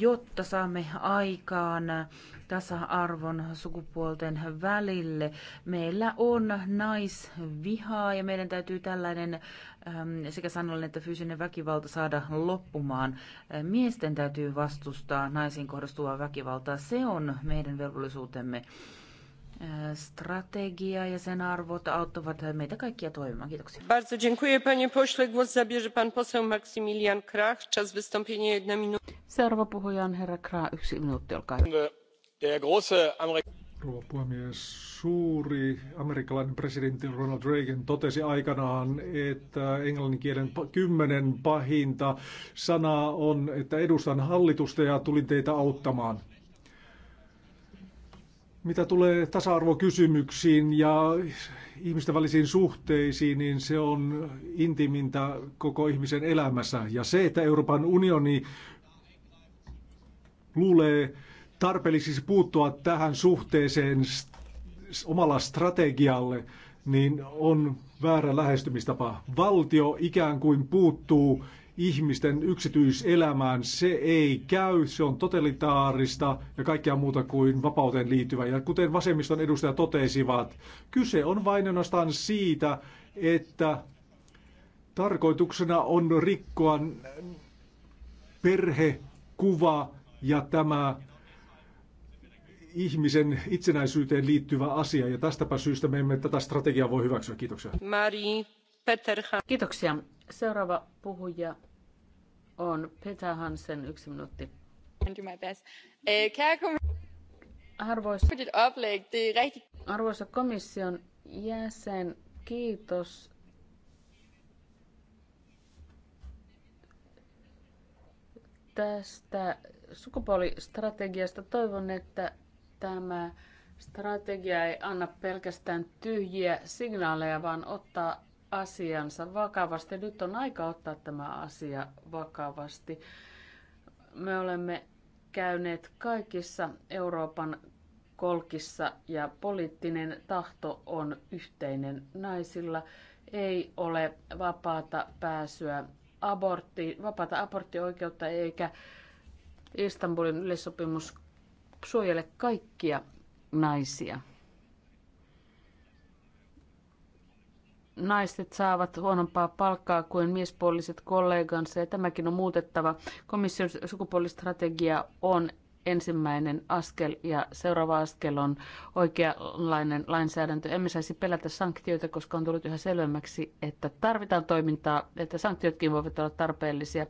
jotta saamme aikaan tasa-arvon sukupuolten välille. Meillä on naisvihaa ja meidän täytyy tällainen ähm, sekä sanallinen että fyysinen väkivalta saada loppumaan. Äh, miesten täytyy vastustaa naisiin kohdistuvaa väkivaltaa. Se on meidän velvollisuutemme strategia ja sen arvot auttavat meitä kaikkia toimimaan. Kiitoksia. Bardzo dziękuję panie pośle. Głos zabierze pan poseł Maksymilian Krach. Czas wystąpienia jedna minuutta. Seuraava puhuja on herra Krah. Yksi minuutti, olkaa hyvä. Rouva puhemies, suuri amerikkalainen presidentti Ronald Reagan totesi aikanaan, että englannin kielen kymmenen pahinta sanaa on, että edustan hallitusta ja tulin teitä auttamaan. Mitä tulee tasa-arvokysymyksiin ja ihmisten välisiin suhteisiin, niin se on intimintä koko ihmisen elämässä. Ja se, että Euroopan unioni luulee tarpeellisiksi puuttua tähän suhteeseen omalla strategialle, niin on väärä lähestymistapa. Valtio ikään kuin puuttuu ihmisten yksityiselämään. Se ei käy, se on totalitaarista ja kaikkea muuta kuin vapauteen liittyvä. Ja kuten vasemmiston edustajat totesivat, kyse on vain ainoastaan siitä, että tarkoituksena on rikkoa perhekuva ja tämä ihmisen itsenäisyyteen liittyvä asia. Ja tästäpä syystä me emme tätä strategiaa voi hyväksyä. Kiitoksia. Marie Peterhan. Kiitoksia. Seuraava puhuja on Peter Hansen, yksi minuutti. Øh, arvoisa, er arvoisa komission jäsen, kiitos tästä sukupuolistrategiasta. Toivon, että tämä strategia ei anna pelkästään tyhjiä signaaleja, vaan ottaa asiansa vakavasti. Nyt on aika ottaa tämä asia vakavasti. Me olemme käyneet kaikissa Euroopan kolkissa ja poliittinen tahto on yhteinen naisilla. Ei ole vapaata pääsyä aborttiin, vapaata aborttioikeutta eikä Istanbulin yleissopimus suojele kaikkia naisia. naiset saavat huonompaa palkkaa kuin miespuoliset kollegansa ja tämäkin on muutettava. Komission sukupuolistrategia on ensimmäinen askel ja seuraava askel on oikeanlainen lainsäädäntö. Emme saisi pelätä sanktioita, koska on tullut yhä selvemmäksi, että tarvitaan toimintaa, että sanktiotkin voivat olla tarpeellisia.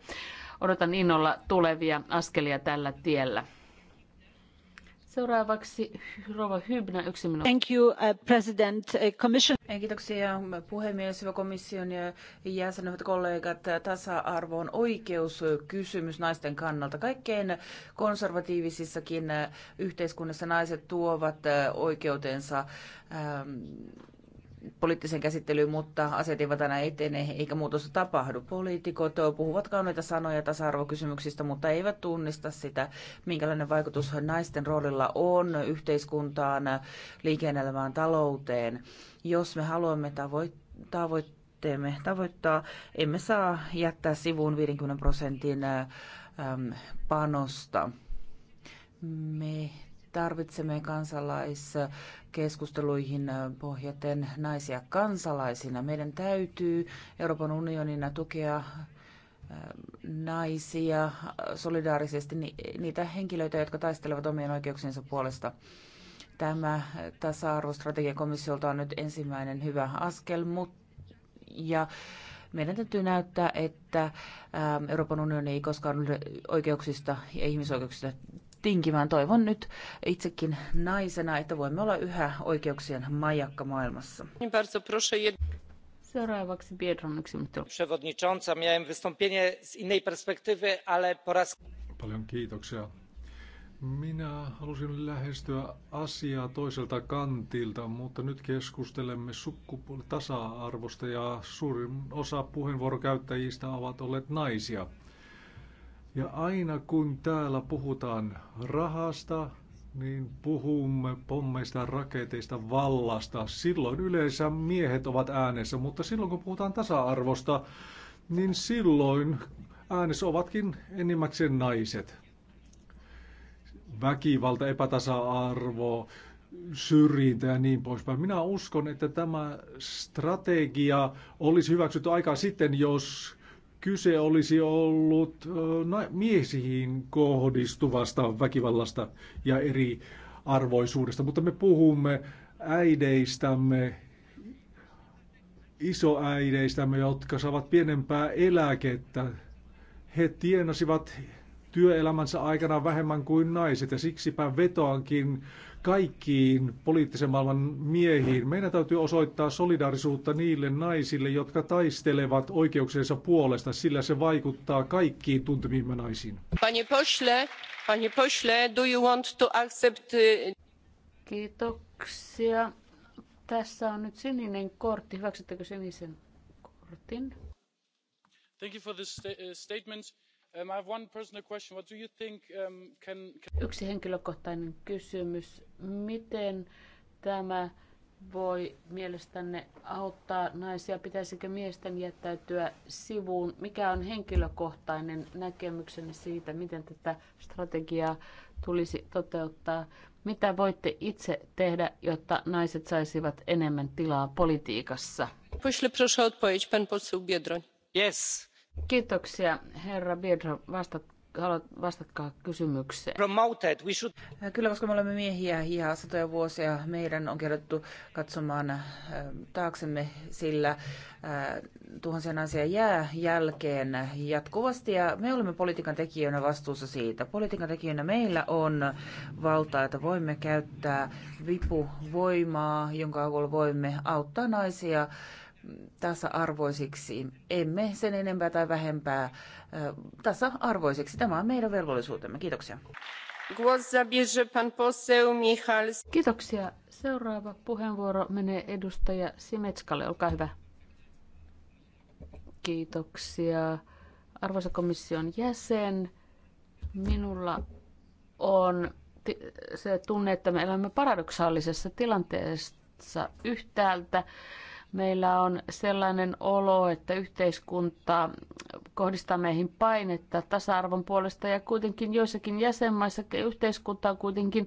Odotan innolla tulevia askelia tällä tiellä. Seuraavaksi Rova Hybnä, yksi minuutti. Thank you, uh, President. Uh, Commission. Kiitoksia puhemies, hyvä komission ja jäsenet, kollegat. Tasa-arvo on oikeuskysymys naisten kannalta. Kaikkein konservatiivisissakin uh, yhteiskunnissa naiset tuovat oikeutensa ähm, poliittisen käsittelyyn, mutta asiat eivät aina etene eikä muutosta tapahdu. Poliitikot puhuvat kauneita sanoja tasa-arvokysymyksistä, mutta eivät tunnista sitä, minkälainen vaikutus naisten roolilla on yhteiskuntaan, liike talouteen. Jos me haluamme tavoitteemme tavoittaa, emme saa jättää sivuun 50 prosentin ähm, panosta. Me tarvitsemme kansalaiskeskusteluihin pohjaten naisia kansalaisina. Meidän täytyy Euroopan unionina tukea naisia solidaarisesti, niitä henkilöitä, jotka taistelevat omien oikeuksiensa puolesta. Tämä tasa-arvostrategia komissiolta on nyt ensimmäinen hyvä askel, mutta ja meidän täytyy näyttää, että Euroopan unioni ei koskaan ole oikeuksista ja ihmisoikeuksista tinkimään. Toivon nyt itsekin naisena, että voimme olla yhä oikeuksien majakka maailmassa. Seuraavaksi Piedron yksi minuutti. Przewodnicząca, miałem wystąpienie z innej perspektywy, ale po raz... Paljon kiitoksia. Minä halusin lähestyä asiaa toiselta kantilta, mutta nyt keskustelemme sukupuolitasa-arvosta ja suurin osa puheenvuorokäyttäjistä ovat olleet naisia. Ja aina kun täällä puhutaan rahasta, niin puhumme pommeista, raketeista, vallasta. Silloin yleensä miehet ovat äänessä, mutta silloin kun puhutaan tasa-arvosta, niin silloin äänessä ovatkin enimmäkseen naiset. Väkivalta, epätasa-arvo, syrjintä ja niin poispäin. Minä uskon, että tämä strategia olisi hyväksytty aika sitten, jos kyse olisi ollut miehiin kohdistuvasta väkivallasta ja eri arvoisuudesta, mutta me puhumme äideistämme, isoäideistämme, jotka saavat pienempää eläkettä. He tienasivat työelämänsä aikana vähemmän kuin naiset ja siksipä vetoankin kaikkiin poliittisen maailman miehiin. Meidän täytyy osoittaa solidaarisuutta niille naisille, jotka taistelevat oikeuksiensa puolesta, sillä se vaikuttaa kaikkiin tuntemiimme naisiin. Panie pośle, panie pośle, do you want to accept... Kiitoksia. Tässä on nyt sininen kortti. Hyväksyttekö sinisen kortin? Thank you for sta- uh, statement. Yksi henkilökohtainen kysymys. Miten tämä voi mielestänne auttaa naisia? Pitäisikö miesten jättäytyä sivuun? Mikä on henkilökohtainen näkemyksenne siitä, miten tätä strategiaa tulisi toteuttaa? Mitä voitte itse tehdä, jotta naiset saisivat enemmän tilaa politiikassa? Yes. Kiitoksia, herra Biedro. Vastat, haluat, vastatkaa kysymykseen. Promoted, we should... Kyllä, koska me olemme miehiä ja satoja vuosia, meidän on kerrottu katsomaan äh, taaksemme, sillä äh, tuhansia naisia jää jälkeen jatkuvasti ja me olemme politiikan tekijöinä vastuussa siitä. Politiikan tekijöinä meillä on valtaa, että voimme käyttää vipuvoimaa, jonka avulla voimme auttaa naisia tasa-arvoisiksi. Emme sen enempää tai vähempää tasa-arvoisiksi. Tämä on meidän velvollisuutemme. Kiitoksia. Kiitoksia. Seuraava puheenvuoro menee edustaja Simetskalle. Olkaa hyvä. Kiitoksia. Arvoisa komission jäsen, minulla on se tunne, että me elämme paradoksaalisessa tilanteessa yhtäältä. Meillä on sellainen olo, että yhteiskunta kohdistaa meihin painetta tasa-arvon puolesta ja kuitenkin joissakin jäsenmaissa yhteiskunta on kuitenkin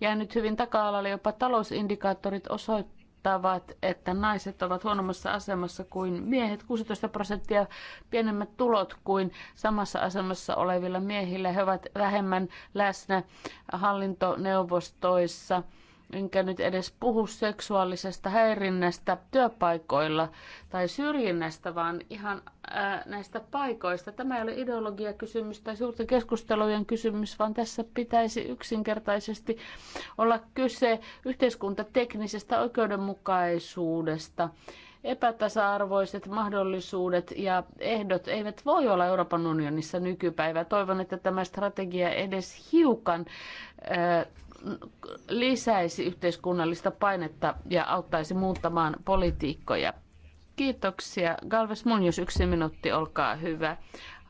jäänyt hyvin taka-alalle. Jopa talousindikaattorit osoittavat, että naiset ovat huonommassa asemassa kuin miehet, 16 prosenttia pienemmät tulot kuin samassa asemassa olevilla miehillä. He ovat vähemmän läsnä hallintoneuvostoissa enkä nyt edes puhu seksuaalisesta häirinnästä työpaikoilla tai syrjinnästä, vaan ihan ää, äh, näistä paikoista. Tämä ei ole ideologiakysymys tai suurten keskustelujen kysymys, vaan tässä pitäisi yksinkertaisesti olla kyse yhteiskuntateknisestä oikeudenmukaisuudesta. Epätasa-arvoiset mahdollisuudet ja ehdot eivät voi olla Euroopan unionissa nykypäivä. Toivon, että tämä strategia edes hiukan ää, äh, lisäisi yhteiskunnallista painetta ja auttaisi muuttamaan politiikkoja. Kiitoksia. Galves Munjus, yksi minuutti, olkaa hyvä.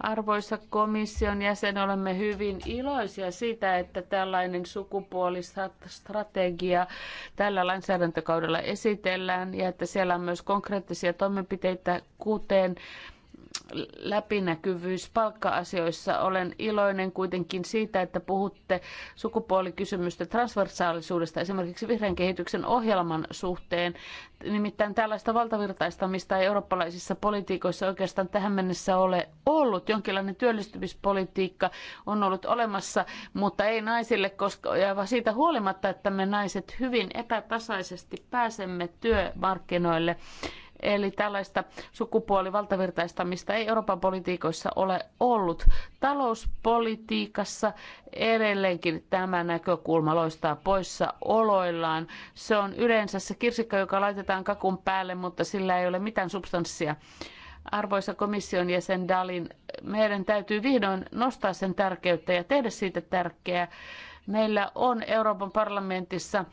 Arvoisa komission jäsen, olemme hyvin iloisia siitä, että tällainen sukupuolistrategia tällä lainsäädäntökaudella esitellään ja että siellä on myös konkreettisia toimenpiteitä, kuten läpinäkyvyys palkka-asioissa. Olen iloinen kuitenkin siitä, että puhutte sukupuolikysymystä transversaalisuudesta esimerkiksi vihreän kehityksen ohjelman suhteen. Nimittäin tällaista valtavirtaistamista ei eurooppalaisissa politiikoissa oikeastaan tähän mennessä ole ollut. Jonkinlainen työllistymispolitiikka on ollut olemassa, mutta ei naisille, koska ja siitä huolimatta, että me naiset hyvin epätasaisesti pääsemme työmarkkinoille. Eli tällaista sukupuolivaltavirtaistamista ei Euroopan politiikoissa ole ollut. Talouspolitiikassa edelleenkin tämä näkökulma loistaa poissa oloillaan. Se on yleensä se kirsikka, joka laitetaan kakun päälle, mutta sillä ei ole mitään substanssia arvoisa komission jäsen Dalin, meidän täytyy vihdoin nostaa sen tärkeyttä ja tehdä siitä tärkeää. Meillä on Euroopan parlamentissa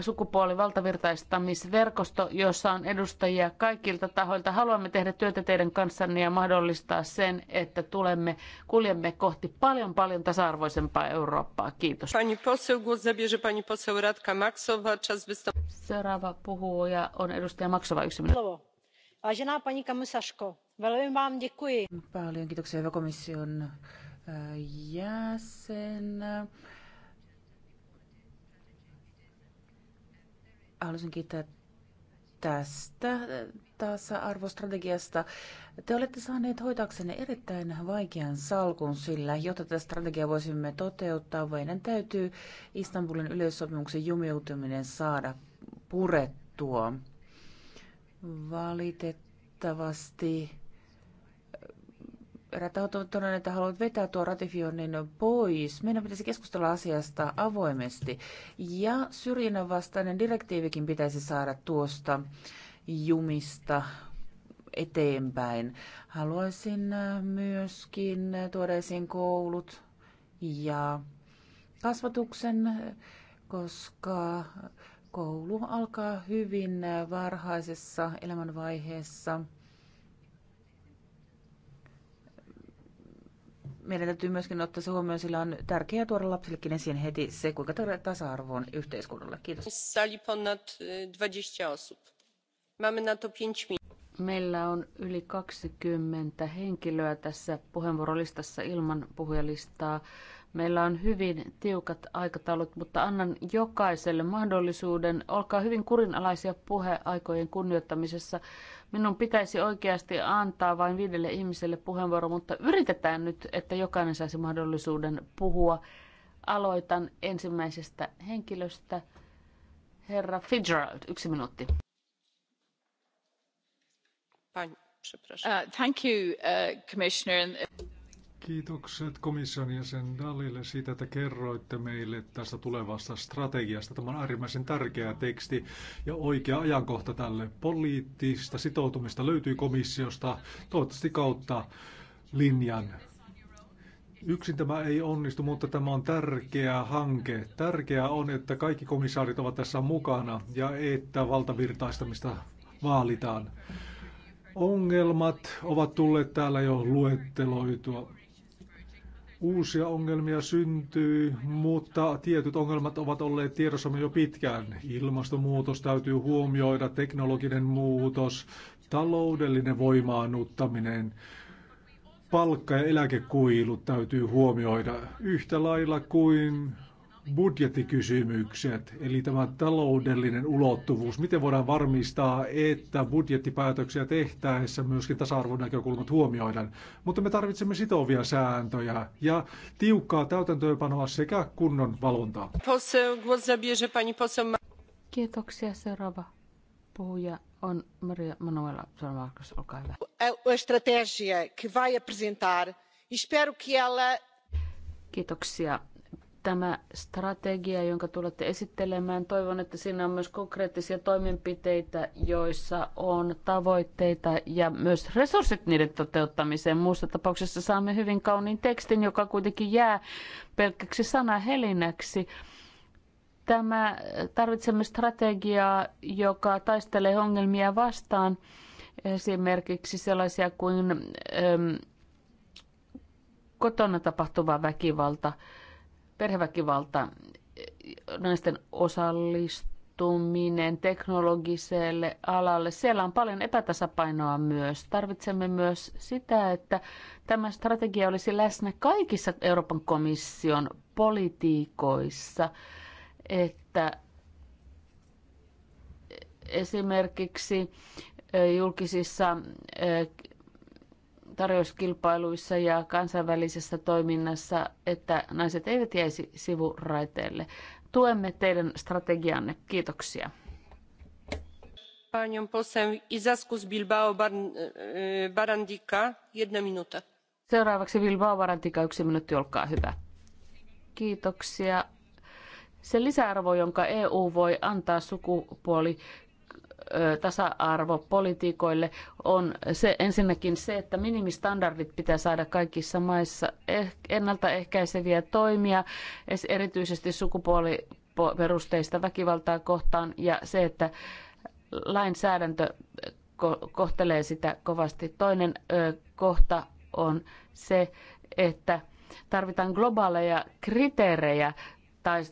sukupuolivaltavirtaistamisverkosto, jossa on edustajia kaikilta tahoilta. Haluamme tehdä työtä teidän kanssanne ja mahdollistaa sen, että tulemme, kuljemme kohti paljon paljon tasa-arvoisempaa Eurooppaa. Kiitos. Pani poseł, głos zabierze pani poseł Radka Maksowa. Czas wystąp- Seuraava puhuja on edustaja Maksova, yksi minuutti. Vážená paní komisařko, velmi vám děkuji. Paljon kiitoksia hyvä komission eh, jäsen. haluaisin kiittää tästä tasa-arvostrategiasta. Te olette saaneet hoitaaksenne erittäin vaikean salkun, sillä jotta tätä strategiaa voisimme toteuttaa, meidän täytyy Istanbulin yleissopimuksen jumiutuminen saada purettua. Valitettavasti eräät tahot ovat todenneet, että haluavat vetää tuon ratifioinnin pois. Meidän pitäisi keskustella asiasta avoimesti. Ja syrjinnän vastainen direktiivikin pitäisi saada tuosta jumista eteenpäin. Haluaisin äh, myöskin tuoda esiin koulut ja kasvatuksen, koska koulu alkaa hyvin varhaisessa elämänvaiheessa – meidän täytyy myöskin ottaa se huomioon, sillä on tärkeää tuoda lapsillekin esiin heti se, kuinka tasa-arvo on yhteiskunnalle. Kiitos. Sali ponad 20 osób. Mamy na to 5 minut. Meillä on yli 20 henkilöä tässä puheenvuorolistassa ilman puhujalistaa. Meillä on hyvin tiukat aikataulut, mutta annan jokaiselle mahdollisuuden. Olkaa hyvin kurinalaisia puheaikojen kunnioittamisessa. Minun pitäisi oikeasti antaa vain viidelle ihmiselle puheenvuoro, mutta yritetään nyt, että jokainen saisi mahdollisuuden puhua. Aloitan ensimmäisestä henkilöstä. Herra Fitzgerald, yksi minuutti. uh, thank you, uh, commissioner. Kiitokset komission jäsen Dalille siitä, että kerroitte meille tästä tulevasta strategiasta. Tämä on äärimmäisen tärkeä teksti ja oikea ajankohta tälle. Poliittista sitoutumista löytyy komissiosta, toivottavasti kautta linjan. Yksin tämä ei onnistu, mutta tämä on tärkeä hanke. Tärkeää on, että kaikki komissaarit ovat tässä mukana ja että valtavirtaistamista vaalitaan. Ongelmat ovat tulleet täällä jo luetteloitua. Uusia ongelmia syntyy, mutta tietyt ongelmat ovat olleet tiedossamme jo pitkään. Ilmastonmuutos täytyy huomioida, teknologinen muutos, taloudellinen voimaannuttaminen, palkka- ja eläkekuilut täytyy huomioida yhtä lailla kuin budjettikysymykset, eli tämä taloudellinen ulottuvuus. Miten voidaan varmistaa, että budjettipäätöksiä tehtäessä myöskin tasa-arvonäkökulmat huomioidaan? Mutta me tarvitsemme sitovia sääntöjä ja tiukkaa täytäntöönpanoa sekä kunnon valvontaa. Kiitoksia. Seuraava puhuja on Maria Manuela Marcos, olkaa hyvä. que vai apresentar, e espero que ela... Kiitoksia tämä strategia, jonka tulette esittelemään, toivon, että siinä on myös konkreettisia toimenpiteitä, joissa on tavoitteita ja myös resurssit niiden toteuttamiseen. Muussa tapauksessa saamme hyvin kauniin tekstin, joka kuitenkin jää pelkäksi sanahelinäksi. Tämä, tarvitsemme strategiaa, joka taistelee ongelmia vastaan, esimerkiksi sellaisia kuin äm, kotona tapahtuva väkivalta – perheväkivalta, naisten osallistuminen teknologiselle alalle. Siellä on paljon epätasapainoa myös. Tarvitsemme myös sitä, että tämä strategia olisi läsnä kaikissa Euroopan komission politiikoissa, että esimerkiksi julkisissa tarjouskilpailuissa ja kansainvälisessä toiminnassa, että naiset eivät jäisi sivuraiteille. Tuemme teidän strategianne. Kiitoksia. Panią poseł Izaskus Bilbao e, Barandika, jedna minuta. Seuraavaksi Bilbao Barandika, yksi minuutti, olkaa hyvä. Kiitoksia. Se lisäarvo, jonka EU voi antaa sukupuoli tasa-arvopolitiikoille on se, ensinnäkin se, että minimistandardit pitää saada kaikissa maissa eh-, ennaltaehkäiseviä toimia, erityisesti sukupuoliperusteista väkivaltaa kohtaan ja se, että lainsäädäntö kohtelee sitä kovasti. Toinen kohta on se, että tarvitaan globaaleja kriteerejä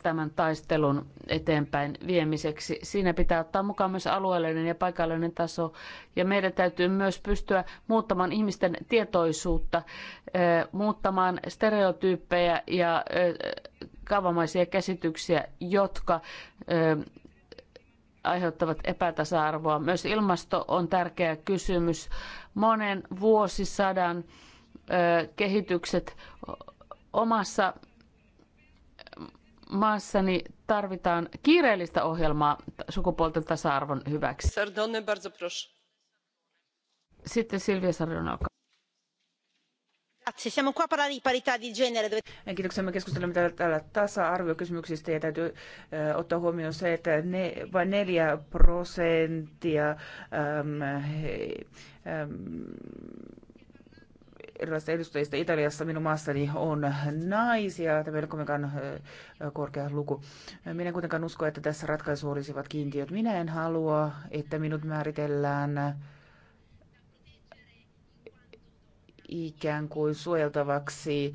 tämän taistelun eteenpäin viemiseksi. Siinä pitää ottaa mukaan myös alueellinen ja paikallinen taso. Ja meidän täytyy myös pystyä muuttamaan ihmisten tietoisuutta, muuttamaan stereotyyppejä ja kaavamaisia käsityksiä, jotka aiheuttavat epätasa-arvoa. Myös ilmasto on tärkeä kysymys. Monen vuosisadan kehitykset omassa maassani tarvitaan kiireellistä ohjelmaa sukupuolten tasa-arvon hyväksi. Sardone, bardzo proszę. Sitten Silvia Sarjona, olkaa. Kiitoksia. Me keskustelemme täällä, täällä tasa-arviokysymyksistä ja täytyy äh, ottaa huomioon se, että ne, vain 4 prosenttia ähm, he, ähm, erilaisista edustajista Italiassa minun maassani on naisia. Tämä ei ole kovinkaan korkea luku. Minä en kuitenkaan usko, että tässä ratkaisu olisivat kiintiöt. Minä en halua, että minut määritellään ikään kuin suojeltavaksi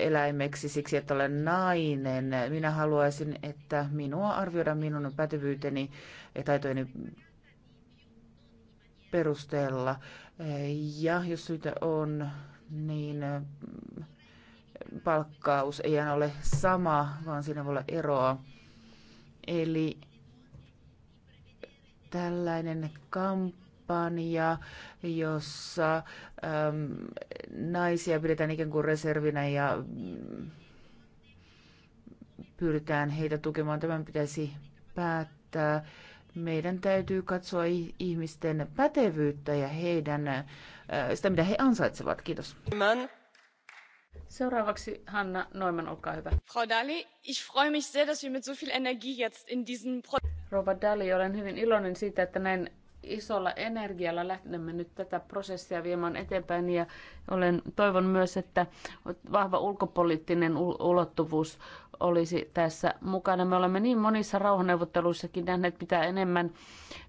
eläimeksi siksi, että olen nainen. Minä haluaisin, että minua arvioidaan minun pätevyyteni ja taitojeni perusteella. Ja jos syytä on, niin mm, palkkaus ei aina ole sama, vaan siinä voi olla eroa. Eli tällainen kampanja, jossa äm, naisia pidetään ikään kuin reservinä ja mm, pyritään heitä tukemaan, tämän pitäisi päättää meidän täytyy katsoa ihmisten pätevyyttä ja heidän, sitä mitä he ansaitsevat. Kiitos. Seuraavaksi Hanna Noiman olkaa hyvä. Frau Dali, ich freue mich sehr, dass wir mit so viel Energie jetzt in diesen... Rova Dali, olen hyvin iloinen siitä, että näin isolla energialla lähdemme nyt tätä prosessia viemään eteenpäin ja olen, toivon myös, että vahva ulkopoliittinen ulottuvuus olisi tässä mukana. Me olemme niin monissa rauhanneuvotteluissakin nähneet, mitä enemmän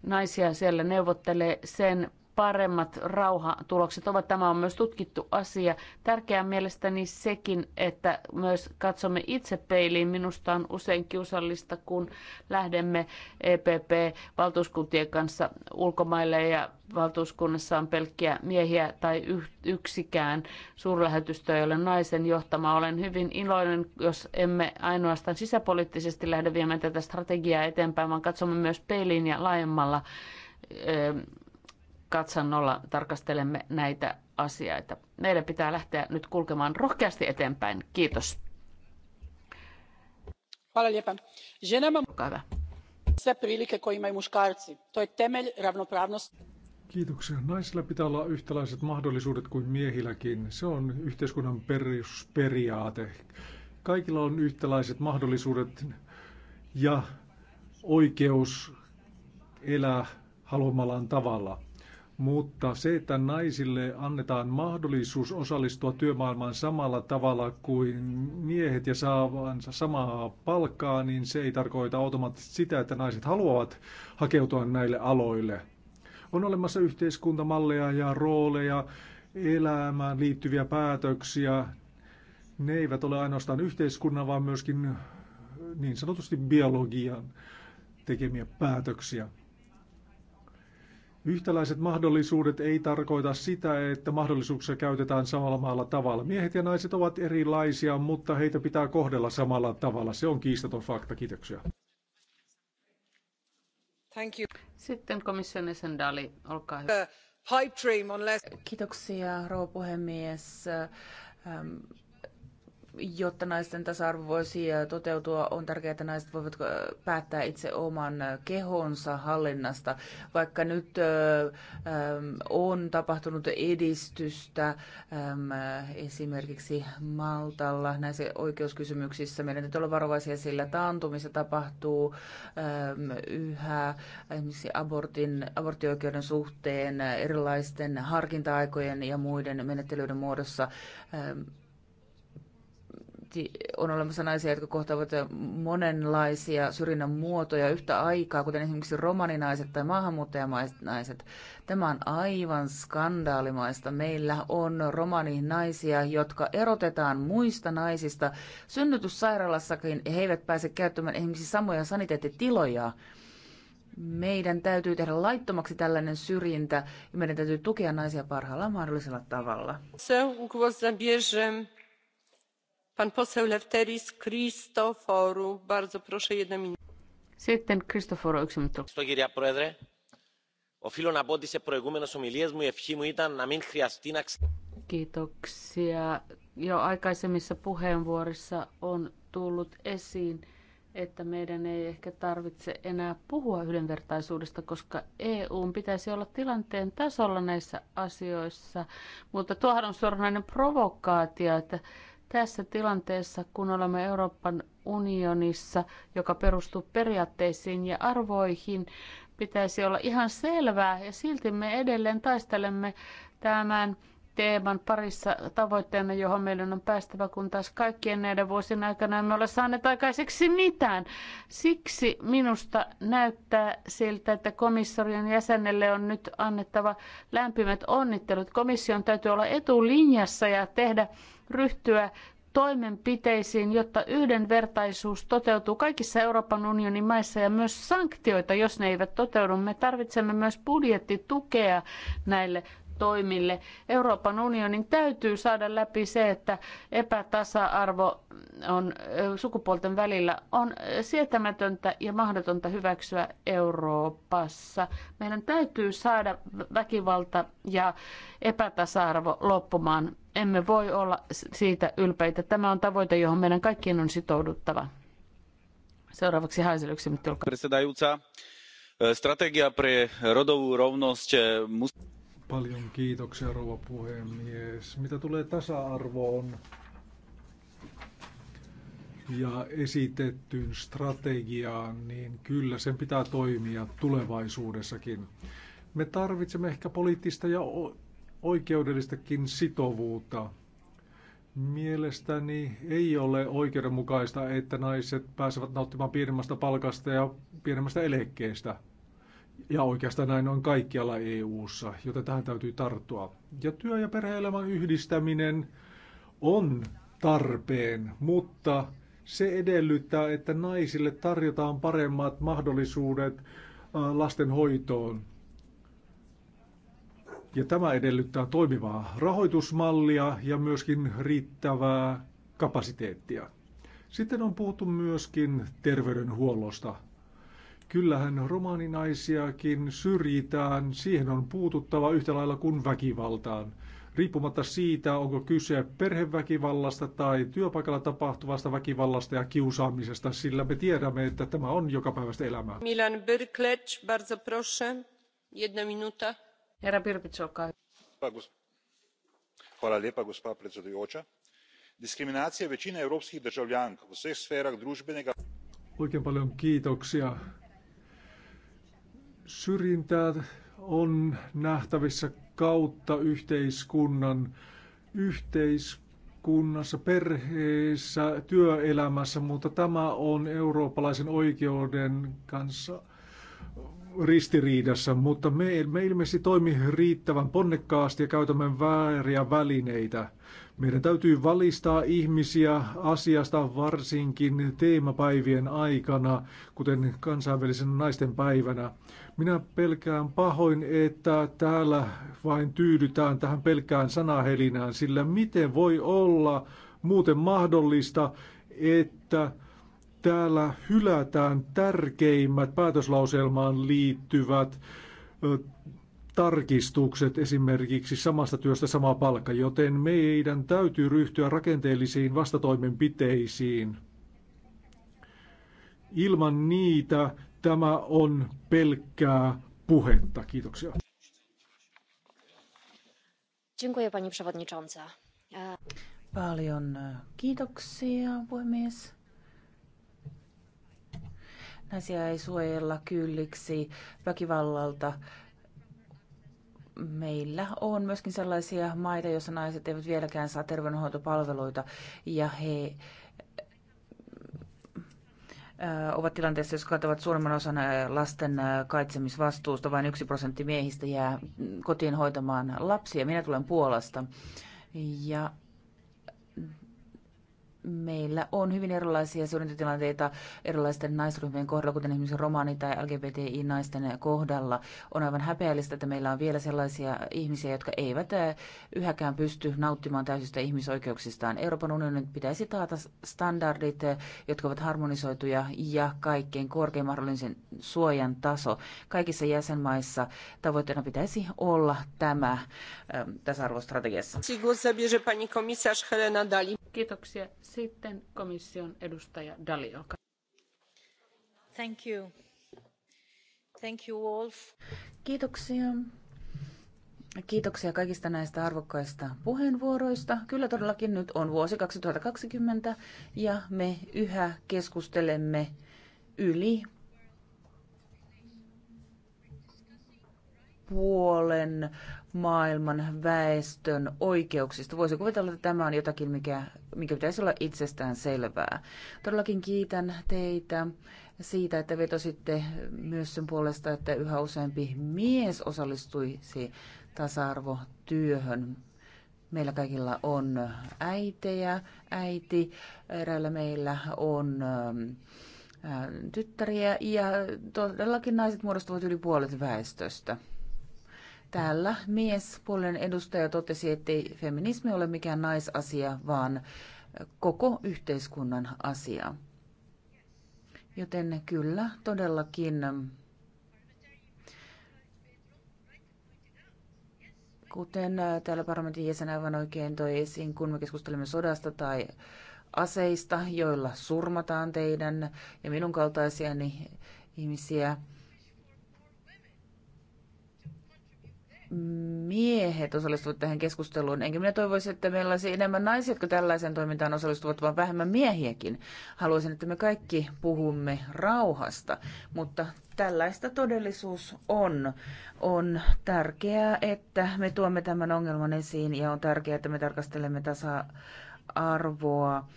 naisia siellä neuvottelee, sen paremmat rauhatulokset ovat. Tämä on myös tutkittu asia. Tärkeää mielestäni sekin, että myös katsomme itse peiliin. Minusta on usein kiusallista, kun lähdemme EPP-valtuuskuntien kanssa ulkomaille ja valtuuskunnassa on pelkkiä miehiä tai yksikään suurlähetystö ei ole naisen johtama. Olen hyvin iloinen, jos emme ainoastaan sisäpoliittisesti lähde viemään tätä strategiaa eteenpäin, vaan katsomme myös peiliin ja laajemmalla katsannolla tarkastelemme näitä asioita. Meidän pitää lähteä nyt kulkemaan rohkeasti eteenpäin. Kiitos. Hvala lijepa. Ženama sve prilike koje imaju muškarci. To je temelj ravnopravnosti. Kiitoksia. Naisilla pitää olla yhtäläiset mahdollisuudet kuin miehilläkin. Se on yhteiskunnan perusperiaate. Kaikilla on yhtäläiset mahdollisuudet ja oikeus elää haluamallaan tavalla. Mutta se, että naisille annetaan mahdollisuus osallistua työmaailmaan samalla tavalla kuin miehet ja saavansa samaa palkkaa, niin se ei tarkoita automaattisesti sitä, että naiset haluavat hakeutua näille aloille. On olemassa yhteiskuntamalleja ja rooleja, elämään liittyviä päätöksiä. Ne eivät ole ainoastaan yhteiskunnan, vaan myöskin niin sanotusti biologian tekemiä päätöksiä. Yhtäläiset mahdollisuudet ei tarkoita sitä, että mahdollisuuksia käytetään samalla maalla tavalla. Miehet ja naiset ovat erilaisia, mutta heitä pitää kohdella samalla tavalla. Se on kiistaton fakta. Kiitoksia. Thank you. Sitten komission jäsen olkaa hyvä. Uh, on Kiitoksia, rouva puhemies. Ähm, jotta naisten tasa-arvo voisi äh, toteutua, on tärkeää, että naiset voivat äh, päättää itse oman äh, kehonsa hallinnasta. Vaikka nyt ähm, on tapahtunut edistystä ähm, esimerkiksi Maltalla näissä oikeuskysymyksissä, meidän täytyy olla varovaisia, sillä taantumissa tapahtuu ähm, yhä esimerkiksi abortin, aborttioikeuden suhteen erilaisten harkinta-aikojen ja muiden menettelyiden muodossa on olemassa naisia, jotka kohtaavat monenlaisia syrjinnän muotoja yhtä aikaa, kuten esimerkiksi romaninaiset tai maahanmuuttajanaiset. Tämä on aivan skandaalimaista. Meillä on romaninaisia, jotka erotetaan muista naisista. Synnytyssairaalassakin he eivät pääse käyttämään esimerkiksi samoja saniteettitiloja. Meidän täytyy tehdä laittomaksi tällainen syrjintä ja meidän täytyy tukea naisia parhaalla mahdollisella tavalla. Se, kun sitten Kristoforu, Οφείλω να πω ότι σε προηγούμενες ομιλίες μου η ευχή μου ήταν να μην χρειαστεί να Kiitoksia. Jo aikaisemmissa puheenvuorissa on tullut esiin, että meidän ei ehkä tarvitse enää puhua yhdenvertaisuudesta, koska EU pitäisi olla tilanteen tasolla näissä asioissa. Mutta tuohan on suoranainen provokaatio, että tässä tilanteessa, kun olemme Euroopan unionissa, joka perustuu periaatteisiin ja arvoihin, pitäisi olla ihan selvää ja silti me edelleen taistelemme tämän teeman parissa tavoitteena, johon meidän on päästävä, kun taas kaikkien näiden vuosien aikana emme ole saaneet aikaiseksi mitään. Siksi minusta näyttää siltä, että komission jäsenelle on nyt annettava lämpimät onnittelut. Komission täytyy olla etulinjassa ja tehdä ryhtyä toimenpiteisiin, jotta yhdenvertaisuus toteutuu kaikissa Euroopan unionin maissa ja myös sanktioita, jos ne eivät toteudu. Me tarvitsemme myös budjettitukea näille toimille. Euroopan unionin täytyy saada läpi se, että epätasa-arvo on, sukupuolten välillä on sietämätöntä ja mahdotonta hyväksyä Euroopassa. Meidän täytyy saada väkivalta ja epätasa-arvo loppumaan. Emme voi olla siitä ylpeitä. Tämä on tavoite, johon meidän kaikkien on sitouduttava. Seuraavaksi Haiselyksi, olkaa. E, strategia pre rodovu rovnosť e, Paljon kiitoksia, rouva puhemies. Mitä tulee tasa-arvoon ja esitettyyn strategiaan, niin kyllä sen pitää toimia tulevaisuudessakin. Me tarvitsemme ehkä poliittista ja oikeudellistakin sitovuutta. Mielestäni ei ole oikeudenmukaista, että naiset pääsevät nauttimaan pienemmästä palkasta ja pienemmästä eläkkeestä – ja oikeastaan näin on kaikkialla EU-ssa, joten tähän täytyy tarttua. Ja työ- ja perhe-elämän yhdistäminen on tarpeen, mutta se edellyttää, että naisille tarjotaan paremmat mahdollisuudet lasten hoitoon. Ja tämä edellyttää toimivaa rahoitusmallia ja myöskin riittävää kapasiteettia. Sitten on puhuttu myöskin terveydenhuollosta. Kyllähän romaninaisiakin syrjitään, siihen on puututtava yhtä lailla kuin väkivaltaan. Riippumatta siitä, onko kyse perheväkivallasta tai työpaikalla tapahtuvasta väkivallasta ja kiusaamisesta, sillä me tiedämme, että tämä on jokapäiväistä elämää. Milan Birklec, bardzo proszę, jedna minuta. Herra Birkic, olkaa hyvä. Hvala lepa, gospa predsedujoča. Diskriminaatio većina evropskih državljank v vseh sferah družbenega... Oikein paljon kiitoksia. Syrjintää on nähtävissä kautta yhteiskunnan, yhteiskunnassa, perheessä, työelämässä, mutta tämä on eurooppalaisen oikeuden kanssa ristiriidassa, mutta me, me ilmeisesti toimi riittävän ponnekkaasti ja käytämme vääriä välineitä. Meidän täytyy valistaa ihmisiä asiasta varsinkin teemapäivien aikana, kuten kansainvälisen naisten päivänä. Minä pelkään pahoin, että täällä vain tyydytään tähän pelkään sanahelinään, sillä miten voi olla muuten mahdollista, että täällä hylätään tärkeimmät päätöslauselmaan liittyvät tarkistukset esimerkiksi samasta työstä sama palkka, joten meidän täytyy ryhtyä rakenteellisiin vastatoimenpiteisiin. Ilman niitä tämä on pelkkää puhetta. Kiitoksia. Dziękuję, pani przewodnicząca. E- Paljon e, kiitoksia, puhemies. Naisia ei suojella kylliksi väkivallalta meillä on myöskin sellaisia maita, joissa naiset eivät vieläkään saa terveydenhoitopalveluita ja he äh, ovat tilanteessa, jos katsovat suurimman osan äh, lasten äh, kaitsemisvastuusta, vain yksi prosentti miehistä jää kotiin hoitamaan lapsia. Minä tulen Puolasta ja meillä on hyvin erilaisia syrjintätilanteita erilaisten naisryhmien kohdalla, kuten esimerkiksi romani- tai LGBTI-naisten kohdalla. On aivan häpeällistä, että meillä on vielä sellaisia ihmisiä, jotka eivät eh, yhäkään pysty nauttimaan täysistä ihmisoikeuksistaan. Euroopan unionin pitäisi taata standardit, eh, jotka ovat harmonisoituja ja kaikkein korkein mahdollisen suojan taso. Kaikissa jäsenmaissa tavoitteena pitäisi olla tämä eh, tasa-arvostrategiassa. Kiitoksia. Sitten komission edustaja Dalio. olkaa. Thank you. Thank you all. Kiitoksia. Kiitoksia kaikista näistä arvokkaista puheenvuoroista. Kyllä todellakin nyt on vuosi 2020 ja me yhä keskustelemme yli puolen maailman väestön oikeuksista. Voisi kuvitella, että tämä on jotakin, mikä, mikä pitäisi olla itsestään selvää. Todellakin kiitän teitä siitä, että vetositte myös sen puolesta, että yhä useampi mies osallistuisi tasa-arvotyöhön. Meillä kaikilla on äitejä, äiti, eräällä meillä on ähm, äh, tyttäriä ja todellakin naiset muodostavat yli puolet väestöstä. Täällä miespuolen edustaja totesi, ei feminismi ole mikään naisasia, vaan koko yhteiskunnan asia. Joten kyllä, todellakin kuten äh, täällä parlamentin jäsen aivan oikein toi esiin, kun me keskustelemme sodasta tai aseista, joilla surmataan teidän ja minun kaltaisiani ihmisiä, miehet osallistuvat tähän keskusteluun. Enkä minä toivoisi, että meillä olisi enemmän naisia, jotka tällaiseen toimintaan osallistuvat, vaan vähemmän miehiäkin. Haluaisin, että me kaikki puhumme rauhasta, mutta tällaista todellisuus on. On tärkeää, että me tuomme tämän ongelman esiin ja on tärkeää, että me tarkastelemme tasa-arvoa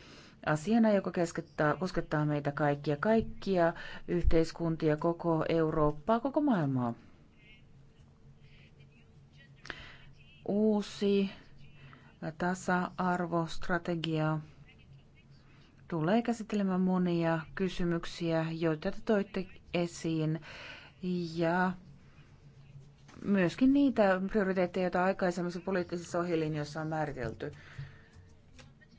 asiana, joka koskettaa, koskettaa meitä kaikkia, kaikkia yhteiskuntia, koko Eurooppaa, koko maailmaa. uusi tasa-arvostrategia tulee käsittelemään monia kysymyksiä, joita te toitte esiin, ja myöskin niitä prioriteetteja, joita aikaisemmissa poliittisissa ohjelinjoissa on määritelty.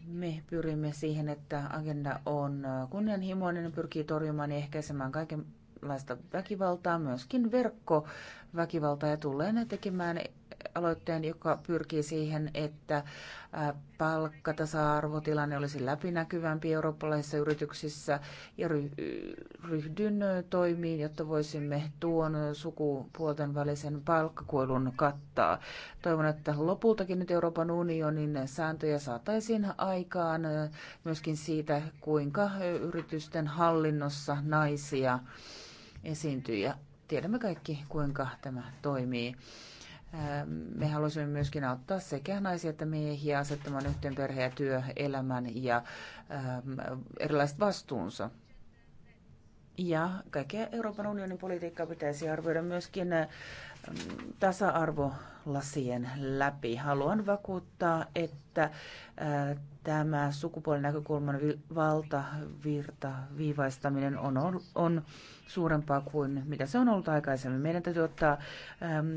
Me pyrimme siihen, että agenda on kunnianhimoinen ja pyrkii torjumaan ja ehkäisemään kaikenlaista väkivaltaa, myöskin verkkoväkivaltaa ja tulee ne tekemään aloitteen, joka pyrkii siihen, että palkkatasa-arvotilanne olisi läpinäkyvämpi eurooppalaisissa yrityksissä ja ryhdyn toimiin, jotta voisimme tuon sukupuolten välisen palkkakuilun kattaa. Toivon, että lopultakin nyt Euroopan unionin sääntöjä saataisiin aikaan myöskin siitä, kuinka yritysten hallinnossa naisia esiintyy ja tiedämme kaikki, kuinka tämä toimii. Me haluaisimme myöskin auttaa sekä naisia että miehiä asettamaan yhteen perhe- ja työelämän ja erilaiset vastuunsa. Ja kaikkea Euroopan unionin politiikkaa pitäisi arvioida myöskin eh, tasa-arvolasien läpi. Haluan vakuuttaa, että eh, tämä sukupuolinäkökulman valtavirta viivaistaminen on, on suurempaa kuin mitä se on ollut aikaisemmin. Meidän täytyy ottaa ehm,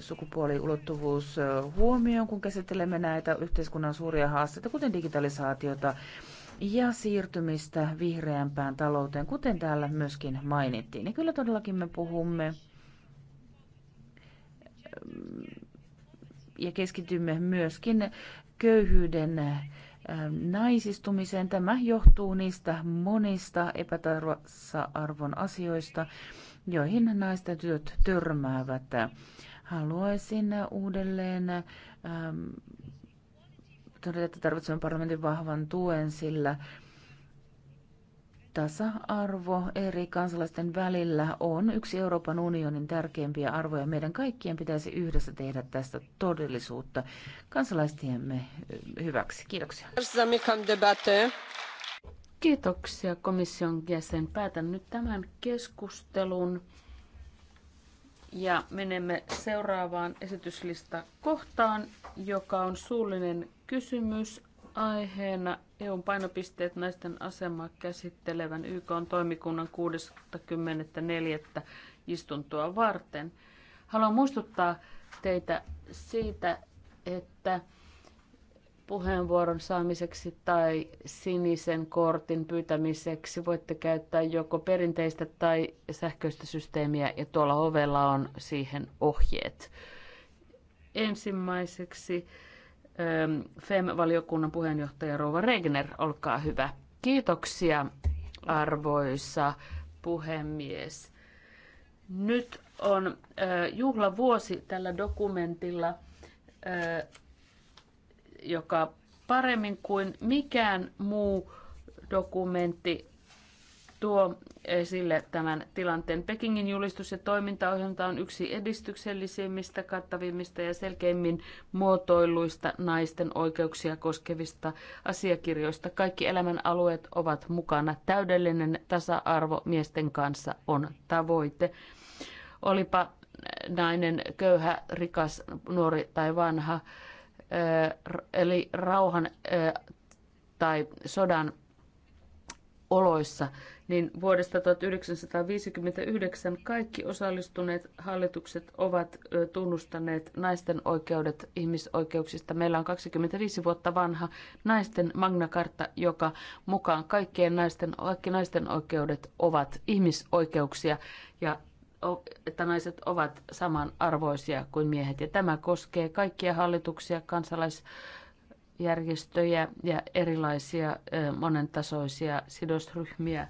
sukupuoliulottuvuus eh, huomioon, kun käsittelemme näitä yhteiskunnan suuria haasteita, kuten digitalisaatiota, ja siirtymistä vihreämpään talouteen, kuten täällä myöskin mainittiin. Ja kyllä todellakin me puhumme ja keskitymme myöskin köyhyyden ähm, naisistumiseen. Tämä johtuu niistä monista epätasa-arvon asioista, joihin naisten työt törmäävät. Haluaisin uudelleen ähm, todenneet, että tarvitsemme parlamentin vahvan tuen, sillä tasa-arvo eri kansalaisten välillä on yksi Euroopan unionin tärkeimpiä arvoja. Meidän kaikkien pitäisi yhdessä tehdä tästä todellisuutta kansalaistiemme hyväksi. Kiitoksia. Kiitoksia komission jäsen. Päätän nyt tämän keskustelun. Ja menemme seuraavaan esityslista kohtaan, joka on suullinen kysymys aiheena EUn painopisteet naisten asemaa käsittelevän YK on toimikunnan 64. istuntoa varten. Haluan muistuttaa teitä siitä, että puheenvuoron saamiseksi tai sinisen kortin pyytämiseksi voitte käyttää joko perinteistä tai sähköistä systeemiä ja tuolla ovella on siihen ohjeet. Ensimmäiseksi ähm, FEM-valiokunnan puheenjohtaja Rouva Regner, olkaa hyvä. Kiitoksia arvoisa puhemies. Nyt on äh, juhlavuosi tällä dokumentilla äh, joka paremmin kuin mikään muu dokumentti tuo esille tämän tilanteen. Pekingin julistus ja toimintaohjelma on yksi edistyksellisimmistä, kattavimmista ja selkeimmin muotoiluista naisten oikeuksia koskevista asiakirjoista. Kaikki elämän alueet ovat mukana. Täydellinen tasa-arvo miesten kanssa on tavoite. Olipa nainen köyhä, rikas, nuori tai vanha eli rauhan tai sodan oloissa, niin vuodesta 1959 kaikki osallistuneet hallitukset ovat tunnustaneet naisten oikeudet ihmisoikeuksista. Meillä on 25 vuotta vanha naisten magnakartta, joka mukaan kaikkien naisten, kaikki naisten oikeudet ovat ihmisoikeuksia ja että naiset ovat samanarvoisia kuin miehet. Ja tämä koskee kaikkia hallituksia, kansalaisjärjestöjä ja erilaisia monentasoisia sidosryhmiä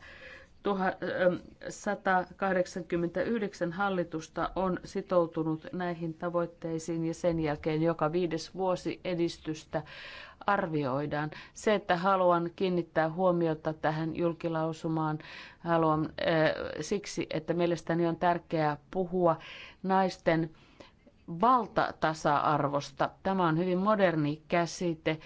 189 hallitusta on sitoutunut näihin tavoitteisiin ja sen jälkeen joka viides vuosi edistystä arvioidaan. Se, että haluan kiinnittää huomiota tähän julkilausumaan, haluan äh, siksi, että mielestäni on tärkeää puhua naisten valtatasa-arvosta. Tämä on hyvin moderni käsite. Äh,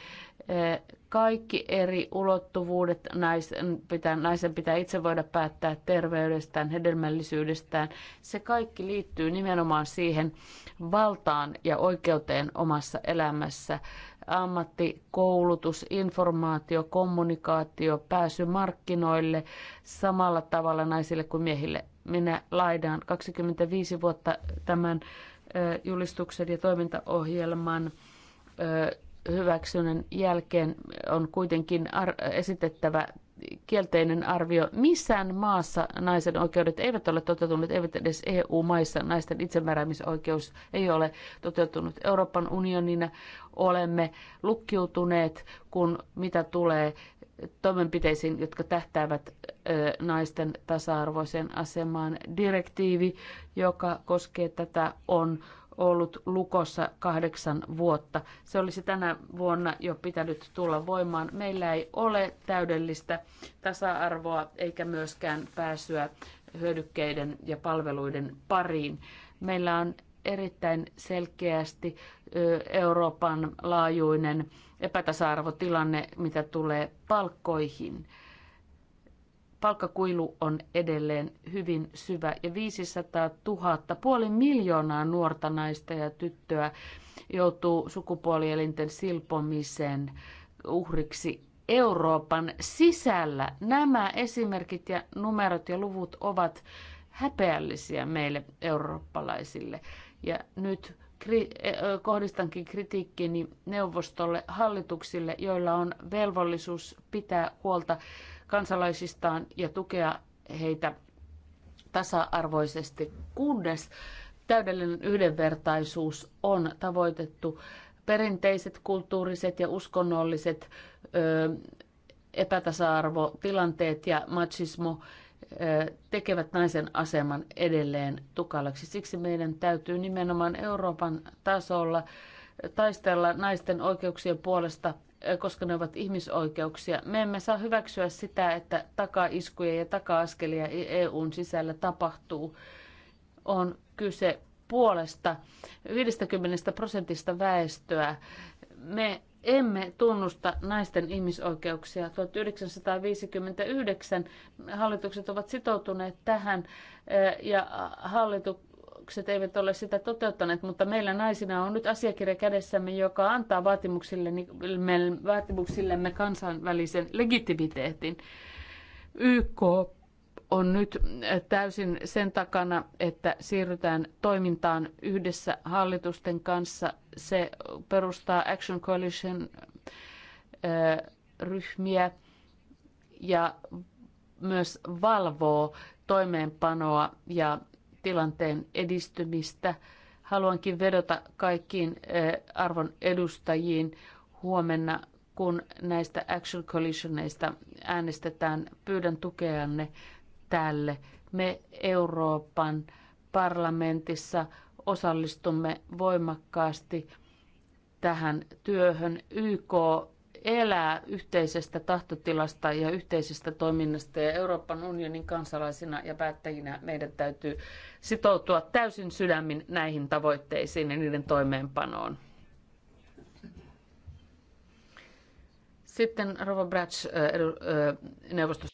Eh, kaikki eri ulottuvuudet, naisen pitää, naisen pitää itse voida päättää terveydestään, hedelmällisyydestään. Se kaikki liittyy nimenomaan siihen valtaan ja oikeuteen omassa elämässä. Ammatti, koulutus, informaatio, kommunikaatio, pääsy markkinoille samalla tavalla naisille kuin miehille. Minä laidaan 25 vuotta tämän eh, julistuksen ja toimintaohjelman eh, hyväksynnän jälkeen on kuitenkin esitettävä kielteinen arvio. Missään maassa naisen oikeudet eivät ole toteutuneet, eivät edes EU-maissa naisten itsemääräämisoikeus ei ole toteutunut. Euroopan unionina olemme lukkiutuneet, kun mitä tulee toimenpiteisiin, jotka tähtäävät naisten tasa-arvoiseen asemaan. Direktiivi, joka koskee tätä, on ollut lukossa kahdeksan vuotta. Se olisi tänä vuonna jo pitänyt tulla voimaan. Meillä ei ole täydellistä tasa-arvoa eikä myöskään pääsyä hyödykkeiden ja palveluiden pariin. Meillä on erittäin selkeästi Euroopan laajuinen epätasa-arvotilanne, mitä tulee palkkoihin palkkakuilu on edelleen hyvin syvä ja 500 000, puoli miljoonaa nuorta naista ja tyttöä joutuu sukupuolielinten silpomisen uhriksi Euroopan sisällä. Nämä esimerkit ja numerot ja luvut ovat häpeällisiä meille eurooppalaisille. Ja nyt eh, kohdistankin kritiikkini neuvostolle, hallituksille, joilla on velvollisuus pitää huolta kansalaisistaan ja tukea heitä tasa-arvoisesti, kunnes täydellinen yhdenvertaisuus on tavoitettu. Perinteiset kulttuuriset ja uskonnolliset ö, epätasa-arvotilanteet ja machismo tekevät naisen aseman edelleen tukalaksi. Siksi meidän täytyy nimenomaan Euroopan tasolla taistella naisten oikeuksien puolesta koska ne ovat ihmisoikeuksia. Me emme saa hyväksyä sitä, että takaiskuja ja taka-askelia EUn e sisällä tapahtuu. On kyse puolesta 50 prosentista väestöä. Me emme tunnusta naisten ihmisoikeuksia. 1959 hallitukset ovat sitoutuneet tähän ja hallitu, yritykset eivät ole sitä toteuttaneet, mutta meillä naisina on nyt asiakirja kädessämme, joka antaa vaatimuksillemme, vaatimuksillemme kansainvälisen legitimiteetin. YK on nyt täysin sen takana, että siirrytään toimintaan yhdessä hallitusten kanssa. Se perustaa Action Coalition ryhmiä ja myös valvoo toimeenpanoa ja tilanteen edistymistä. Haluankin vedota kaikkiin eh, arvon edustajiin huomenna, kun näistä Action Collisioneista äänestetään. Pyydän tukeanne tälle. Me Euroopan parlamentissa osallistumme voimakkaasti tähän työhön. YK elää yhteisestä tahtotilasta ja yhteisestä toiminnasta ja Euroopan unionin kansalaisina ja päättäjinä meidän täytyy sitoutua täysin sydämin näihin tavoitteisiin ja niiden toimeenpanoon. Sitten Rova Bratsch eh, eh, neuvostossa.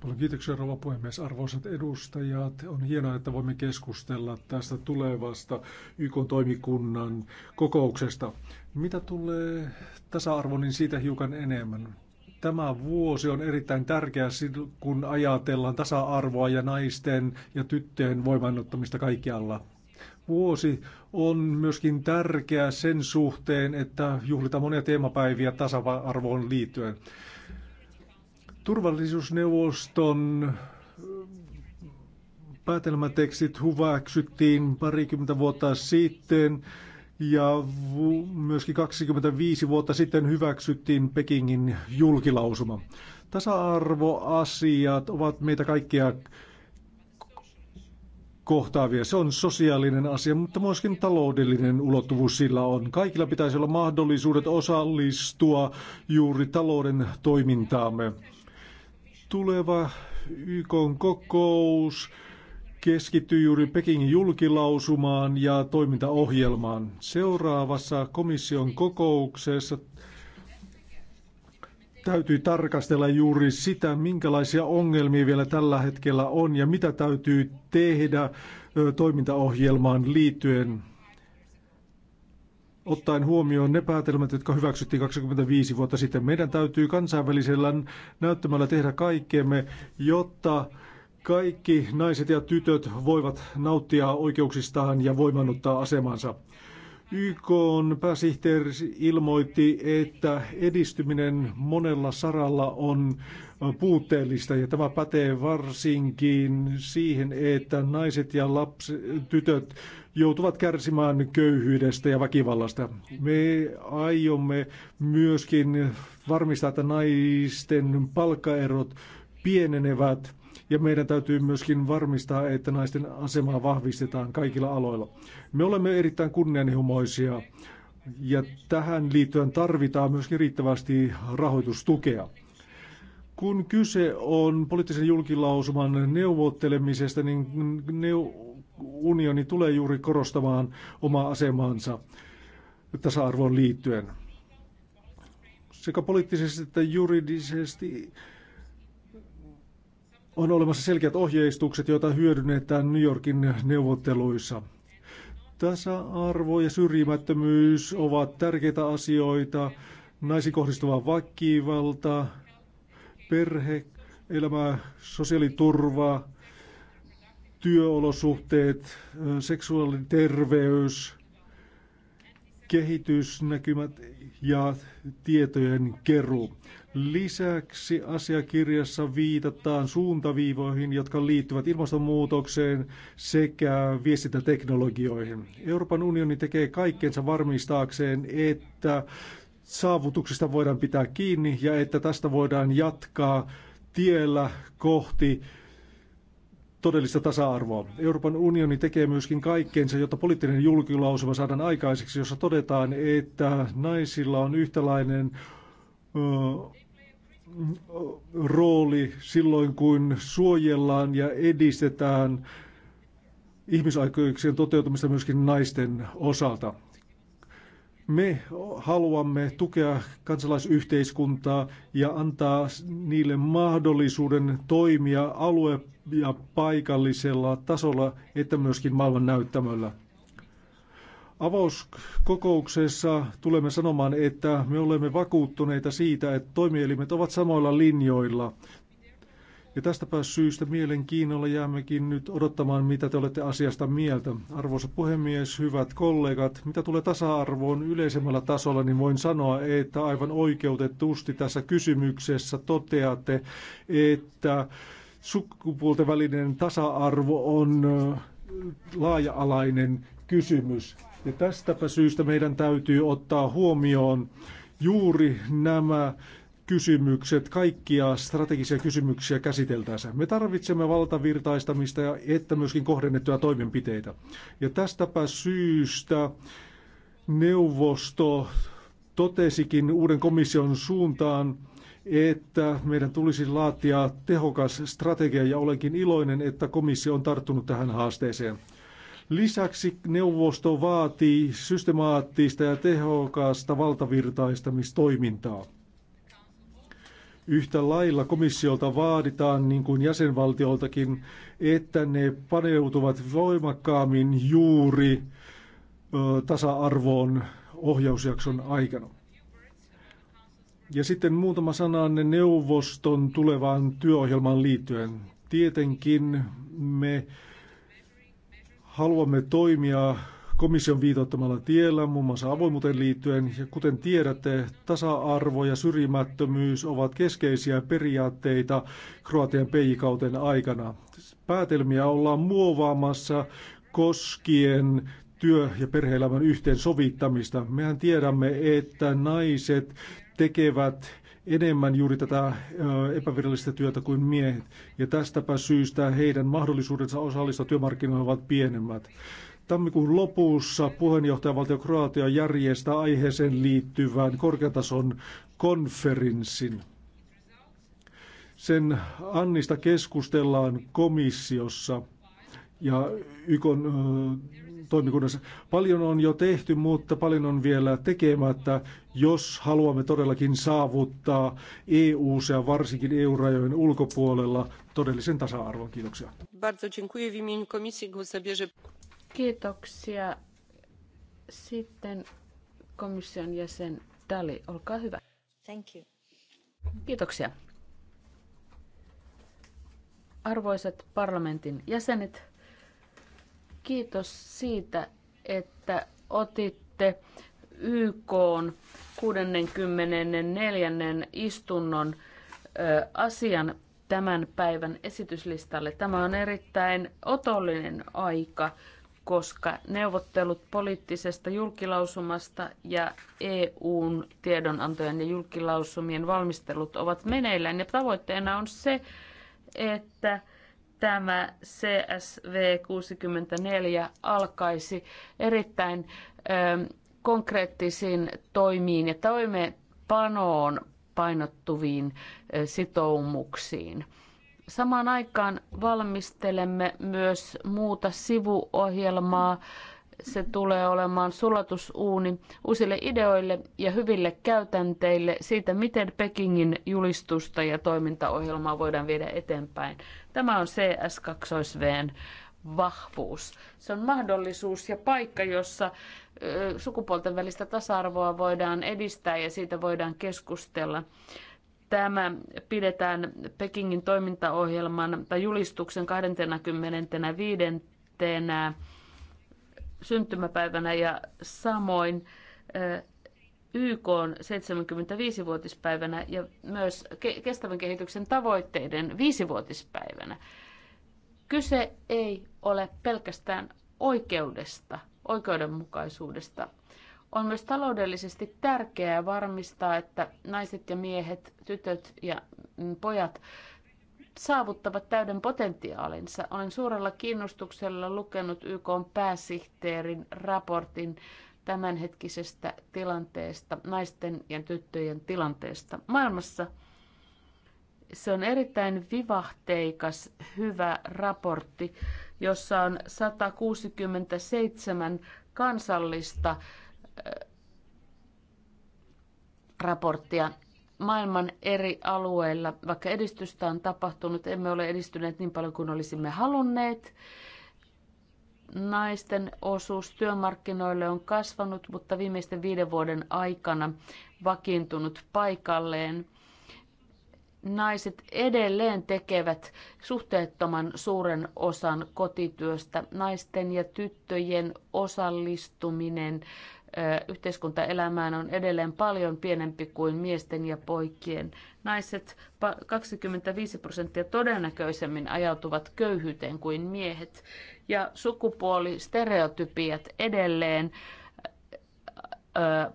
Paljon kiitoksia rouva puhemies. Arvoisat edustajat, on hienoa, että voimme keskustella tästä tulevasta YK-toimikunnan kokouksesta. Mitä tulee tasa-arvoon, niin siitä hiukan enemmän. Tämä vuosi on erittäin tärkeä, kun ajatellaan tasa-arvoa ja naisten ja tyttöjen voimannuttamista kaikkialla vuosi on myöskin tärkeä sen suhteen, että juhlitaan monia teemapäiviä tasa-arvoon liittyen. Turvallisuusneuvoston äh, päätelmätekstit hyväksyttiin parikymmentä vuotta sitten ja myöskin 25 vuotta sitten hyväksyttiin Pekingin julkilausuma. Tasa-arvoasiat ovat meitä kaikkia kohtaavia. Se on sosiaalinen asia, mutta myöskin taloudellinen ulottuvuus sillä on. Kaikilla pitäisi olla mahdollisuudet osallistua juuri talouden toimintaamme tuleva YK kokous keskittyy juuri Pekingin julkilausumaan ja toimintaohjelmaan. Seuraavassa komission kokouksessa täytyy tarkastella juuri sitä, minkälaisia ongelmia vielä tällä hetkellä on ja mitä täytyy tehdä toimintaohjelmaan liittyen ottaen huomioon ne päätelmät, jotka hyväksyttiin 25 vuotta sitten. Meidän täytyy kansainvälisellä näyttämällä tehdä kaikkemme, jotta kaikki naiset ja tytöt voivat nauttia oikeuksistaan ja voimannuttaa asemansa. YK on pääsihteeri ilmoitti, että edistyminen monella saralla on puutteellista ja tämä pätee varsinkin siihen, että naiset ja lapsi, tytöt joutuvat kärsimään köyhyydestä ja väkivallasta. Me aiomme myöskin varmistaa, että naisten palkkaerot pienenevät ja meidän täytyy myöskin varmistaa, että naisten asemaa vahvistetaan kaikilla aloilla. Me olemme erittäin kunnianhimoisia ja tähän liittyen tarvitaan myöskin riittävästi rahoitustukea. Kun kyse on poliittisen julkilausuman neuvottelemisesta, niin neu- unioni tulee juuri korostamaan omaa asemaansa tasa-arvoon liittyen. Sekä poliittisesti että juridisesti on olemassa selkeät ohjeistukset, joita hyödynnetään New Yorkin neuvotteluissa. Tasa-arvo ja syrjimättömyys ovat tärkeitä asioita, naisiin kohdistuva väkivalta, perhe, elämää, sosiaaliturvaa, työolosuhteet, seksuaalinen terveys, kehitysnäkymät ja tietojen keruu. Lisäksi asiakirjassa viitataan suuntaviivoihin, jotka liittyvät ilmastonmuutokseen sekä viestintäteknologioihin. Euroopan unioni tekee kaikkensa varmistaakseen, että saavutuksista voidaan pitää kiinni ja että tästä voidaan jatkaa tiellä kohti todellista tasa-arvoa. Euroopan unioni tekee myöskin kaikkeensa, jotta poliittinen julkilausuma saadaan aikaiseksi, jossa todetaan, että naisilla on yhtäläinen ö, rooli silloin, kun suojellaan ja edistetään ihmisoikeuksien toteutumista myöskin naisten osalta. Me haluamme tukea kansalaisyhteiskuntaa ja antaa niille mahdollisuuden toimia alue- ja paikallisella tasolla, että myöskin maailman näyttämöllä. Avauskokouksessa tulemme sanomaan, että me olemme vakuuttuneita siitä, että toimielimet ovat samoilla linjoilla ja tästäpä syystä mielenkiinnolla jäämmekin nyt odottamaan, mitä te olette asiasta mieltä. Arvoisa puhemies, hyvät kollegat, mitä tulee tasa-arvoon yleisemmällä tasolla, niin voin sanoa, että aivan oikeutetusti tässä kysymyksessä toteatte, että sukupuolten välinen tasa-arvo on laaja-alainen kysymys. Ja tästäpä syystä meidän täytyy ottaa huomioon juuri nämä kysymykset, kaikkia strategisia kysymyksiä käsiteltäessä. Me tarvitsemme valtavirtaistamista ja että myöskin kohdennettuja toimenpiteitä. Ja tästäpä syystä neuvosto totesikin uuden komission suuntaan, että meidän tulisi laatia tehokas strategia ja olenkin iloinen, että komissio on tarttunut tähän haasteeseen. Lisäksi neuvosto vaatii systemaattista ja tehokasta valtavirtaistamistoimintaa. Yhtä lailla komissiolta vaaditaan, niin kuin jäsenvaltioltakin, että ne paneutuvat voimakkaammin juuri tasa-arvoon ohjausjakson aikana. Ja sitten muutama sananne neuvoston tulevaan työohjelmaan liittyen. Tietenkin me haluamme toimia komission viitoittamalla tiellä, muun muassa avoimuuteen liittyen. Ja kuten tiedätte, tasa-arvo ja syrjimättömyys ovat keskeisiä periaatteita Kroatian peijikauten aikana. Päätelmiä ollaan muovaamassa koskien työ- ja perheelämän yhteensovittamista. Mehän tiedämme, että naiset tekevät enemmän juuri tätä epävirallista työtä kuin miehet. Ja tästäpä syystä heidän mahdollisuudensa osallistua työmarkkinoihin ovat pienemmät. Tammikuun lopussa puheenjohtajavaltio Kroatia järjestää aiheeseen liittyvän korkeatason konferenssin. Sen annista keskustellaan komissiossa ja YKn toimikunnassa. Paljon on jo tehty, mutta paljon on vielä tekemättä, jos haluamme todellakin saavuttaa eu ja varsinkin EU-rajojen ulkopuolella todellisen tasa-arvon. Kiitoksia. Kiitoksia. Sitten komission jäsen Dali, olkaa hyvä. Thank you. Kiitoksia. Arvoisat parlamentin jäsenet, kiitos siitä, että otitte YK 64. istunnon asian tämän päivän esityslistalle. Tämä on erittäin otollinen aika koska neuvottelut poliittisesta julkilausumasta ja EUn tiedonantojen ja julkilausumien valmistelut ovat meneillään. Ja tavoitteena on se, että tämä CSV 64 alkaisi erittäin ö, ähm, konkreettisiin toimiin ja toimeenpanoon painottuviin äh, sitoumuksiin. Samaan aikaan valmistelemme myös muuta sivuohjelmaa. Se tulee olemaan sulatusuuni uusille ideoille ja hyville käytänteille siitä, miten Pekingin julistusta ja toimintaohjelmaa voidaan viedä eteenpäin. Tämä on CS2Vn vahvuus. Se on mahdollisuus ja paikka, jossa sukupuolten välistä tasa-arvoa voidaan edistää ja siitä voidaan keskustella tämä pidetään Pekingin toimintaohjelman tai julistuksen 25. syntymäpäivänä ja samoin eh, YK 75-vuotispäivänä ja myös kestävän kehityksen tavoitteiden viisivuotispäivänä. Kyse ei ole pelkästään oikeudesta, oikeudenmukaisuudesta, on myös taloudellisesti tärkeää varmistaa, että naiset ja miehet, tytöt ja mm, pojat saavuttavat täyden potentiaalinsa. Olen suurella kiinnostuksella lukenut YK pääsihteerin raportin tämänhetkisestä tilanteesta, naisten ja tyttöjen tilanteesta maailmassa. Se on erittäin vivahteikas, hyvä raportti, jossa on 167 kansallista raporttia maailman eri alueilla. Vaikka edistystä on tapahtunut, emme ole edistyneet niin paljon kuin olisimme halunneet. Naisten osuus työmarkkinoille on kasvanut, mutta viimeisten viiden vuoden aikana vakiintunut paikalleen naiset edelleen tekevät suhteettoman suuren osan kotityöstä. Naisten ja tyttöjen osallistuminen yhteiskuntaelämään on edelleen paljon pienempi kuin miesten ja poikien. Naiset 25 prosenttia todennäköisemmin ajautuvat köyhyyteen kuin miehet. Ja sukupuolistereotypiat edelleen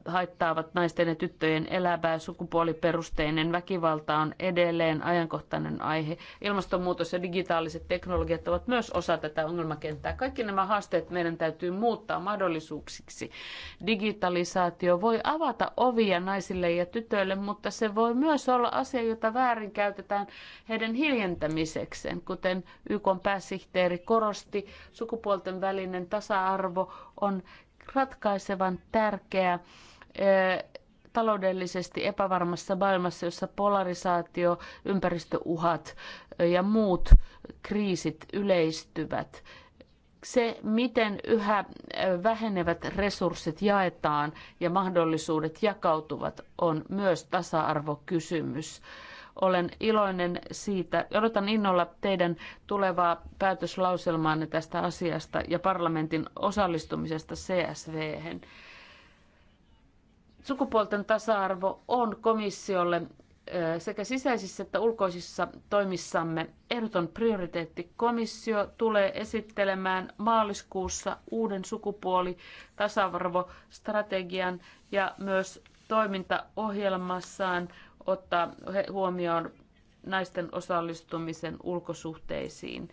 haittaavat naisten ja tyttöjen elämää. Sukupuoliperusteinen väkivalta on edelleen ajankohtainen aihe. Ilmastonmuutos ja digitaaliset teknologiat ovat myös osa tätä ongelmakenttää. Kaikki nämä haasteet meidän täytyy muuttaa mahdollisuuksiksi. Digitalisaatio voi avata ovia naisille ja tytöille, mutta se voi myös olla asia, jota väärin käytetään heidän hiljentämisekseen. Kuten YK pääsihteeri korosti, sukupuolten välinen tasa-arvo on ratkaisevan tärkeä eh, taloudellisesti epävarmassa maailmassa, jossa polarisaatio, ympäristöuhat eh, ja muut kriisit yleistyvät. Se, miten yhä eh, vähenevät resurssit jaetaan ja mahdollisuudet jakautuvat, on myös tasa-arvokysymys. kysymys olen iloinen siitä. Odotan innolla teidän tulevaa päätöslauselmaanne tästä asiasta ja parlamentin osallistumisesta csv hen Sukupuolten tasa-arvo on komissiolle sekä sisäisissä että ulkoisissa toimissamme ehdoton prioriteetti. Komissio tulee esittelemään maaliskuussa uuden sukupuoli tasa-arvostrategian ja myös toimintaohjelmassaan ottaa huomioon naisten osallistumisen ulkosuhteisiin.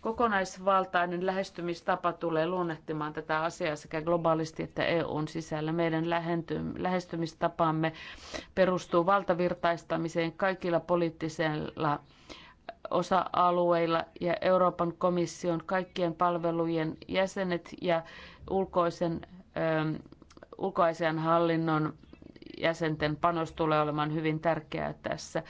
Kokonaisvaltainen lähestymistapa tulee luonnehtimaan tätä asiaa sekä globaalisti että EUn sisällä. Meidän lähestymistapamme perustuu valtavirtaistamiseen kaikilla poliittisilla osa-alueilla ja Euroopan komission kaikkien palvelujen jäsenet ja ulkoisen, ö, ulkoisen hallinnon jäsenten panos tulee olemaan hyvin tärkeää tässä.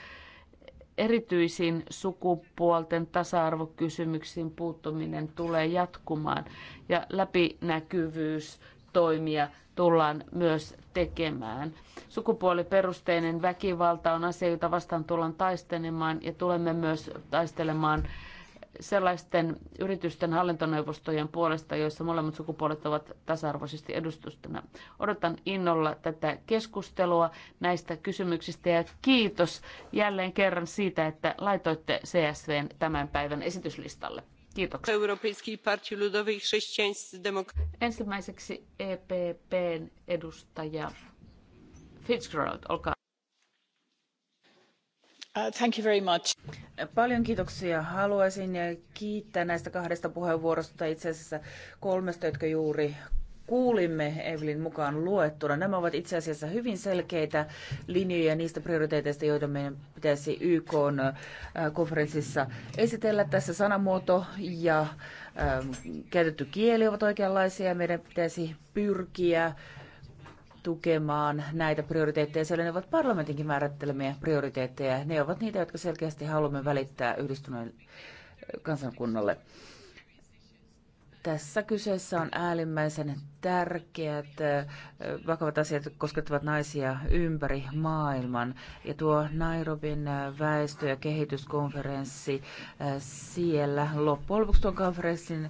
Erityisiin sukupuolten tasa-arvokysymyksiin puuttuminen tulee jatkumaan ja läpinäkyvyys toimia tullaan myös tekemään. Sukupuoliperusteinen väkivalta on asia, jota vastaan tullaan taistelemaan ja tulemme myös taistelemaan sellaisten yritysten hallintoneuvostojen puolesta, joissa molemmat sukupuolet ovat tasa-arvoisesti edustustana. Odotan innolla tätä keskustelua näistä kysymyksistä ja kiitos jälleen kerran siitä, että laitoitte CSVn tämän päivän esityslistalle. Kiitoksia. Ensimmäiseksi EPPn edustaja Fitzgerald, olkaa Uh, Paljon kiitoksia. Haluaisin eh, kiittää näistä kahdesta puheenvuorosta, itse asiassa kolmesta, jotka juuri kuulimme Evelin mukaan luettuna. Nämä ovat itse asiassa hyvin selkeitä linjoja niistä prioriteeteista, joita meidän pitäisi YK eh, konferenssissa esitellä. Tässä sanamuoto ja ähm, käytetty kieli ovat oikeanlaisia. Meidän pitäisi pyrkiä tukemaan näitä prioriteetteja, sillä ne ovat parlamentinkin määrittelemiä prioriteetteja. Ne ovat niitä, jotka selkeästi haluamme välittää yhdistyneen kansankunnalle. Tässä kyseessä on äärimmäisen tärkeät vakavat asiat koskettavat naisia ympäri maailman. Ja tuo Nairobin väestö- ja kehityskonferenssi siellä loppujen lopuksi tuon konferenssin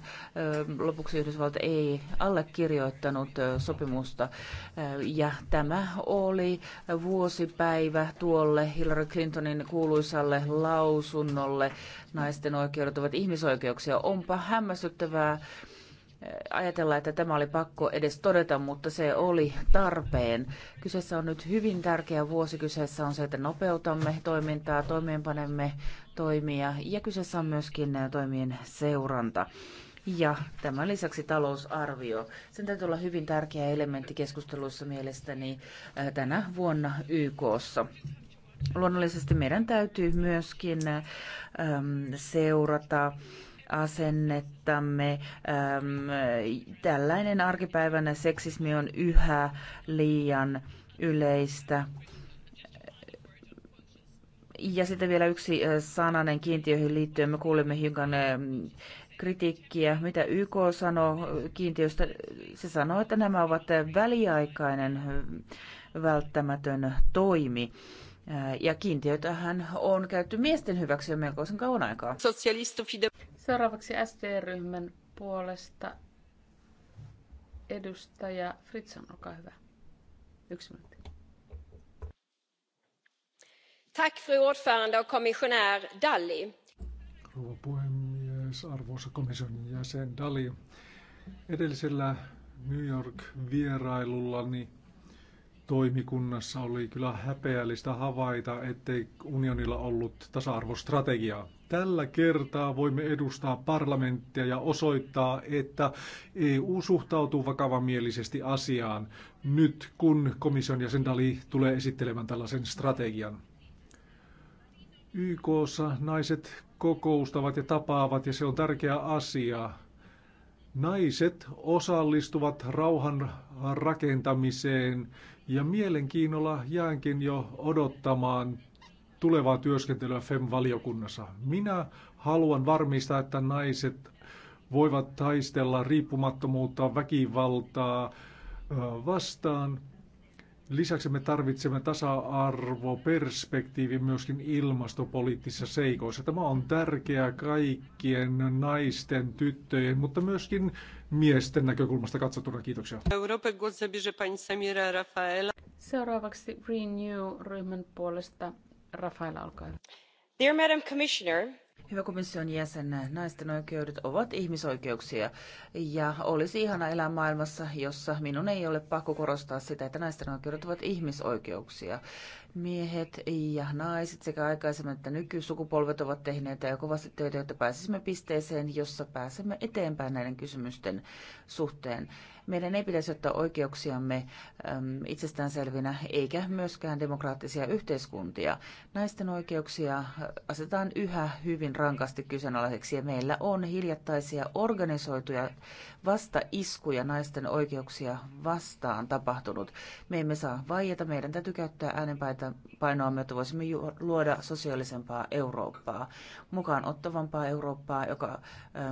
lopuksi Yhdysvalta ei allekirjoittanut sopimusta. Ja tämä oli vuosipäivä tuolle Hillary Clintonin kuuluisalle lausunnolle naisten oikeudet ovat ihmisoikeuksia. Onpa hämmästyttävää ajatella, että tämä oli pakko edes todeta, mutta se oli tarpeen. Kyseessä on nyt hyvin tärkeä vuosi. Kyseessä on se, että nopeutamme toimintaa, toimeenpanemme toimia ja kyseessä on myöskin äh, toimien seuranta. Ja tämän lisäksi talousarvio. Sen täytyy olla hyvin tärkeä elementti keskusteluissa mielestäni äh, tänä vuonna YKssa. Luonnollisesti meidän täytyy myöskin ähm, seurata asennettamme. Tällainen arkipäivänä seksismi on yhä liian yleistä. Ja sitten vielä yksi sananen kiintiöihin liittyen. Me kuulemme hiukan kritiikkiä, mitä YK sanoo kiintiöstä. Se sanoo, että nämä ovat väliaikainen välttämätön toimi. Ja kiintiötähän on käytetty miesten hyväksi jo melkoisen kauan aikaa. Seuraavaksi SD-ryhmän puolesta edustaja Fritsson, olkaa hyvä. Yksi minuutti. Tack fru ordförande och kommissionär Dalli. Rouva puhemies, arvoisa komission jäsen Dali. Edellisellä New York-vierailullani toimikunnassa oli kyllä häpeällistä havaita, ettei unionilla ollut tasa-arvostrategiaa. Tällä kertaa voimme edustaa parlamenttia ja osoittaa, että EU suhtautuu vakavamielisesti asiaan nyt, kun komission jäsen Dali tulee esittelemään tällaisen strategian. YKssa naiset kokoustavat ja tapaavat ja se on tärkeä asia. Naiset osallistuvat rauhan rakentamiseen ja mielenkiinnolla jäänkin jo odottamaan tulevaa työskentelyä FEM-valiokunnassa. Minä haluan varmistaa, että naiset voivat taistella riippumattomuutta, väkivaltaa vastaan. Lisäksi me tarvitsemme tasa-arvoperspektiivin myöskin ilmastopoliittisissa seikoissa. Tämä on tärkeää kaikkien naisten, tyttöjen, mutta myöskin miesten näkökulmasta katsottuna. Kiitoksia. Seuraavaksi Renew-ryhmän puolesta Rafaela, olkaa hyvä. Dear Madam Commissioner, Hyvä komission jäsen, naisten oikeudet ovat ihmisoikeuksia ja olisi ihana elää maailmassa, jossa minun ei ole pakko korostaa sitä, että naisten oikeudet ovat ihmisoikeuksia. Miehet ja naiset sekä aikaisemmat että nykysukupolvet ovat tehneet ja kovasti töitä, jotta pääsisimme pisteeseen, jossa pääsemme eteenpäin näiden kysymysten suhteen. Meidän ei pitäisi ottaa oikeuksiamme äm, itsestäänselvinä eikä myöskään demokraattisia yhteiskuntia. Naisten oikeuksia asetetaan yhä hyvin rankasti kyseenalaiseksi ja meillä on hiljattaisia organisoituja vastaiskuja naisten oikeuksia vastaan tapahtunut. Me emme saa vaieta, meidän täytyy käyttää äänenpäitä painoamme, myötä voisimme luoda sosiaalisempaa Eurooppaa, mukaan ottavampaa Eurooppaa, joka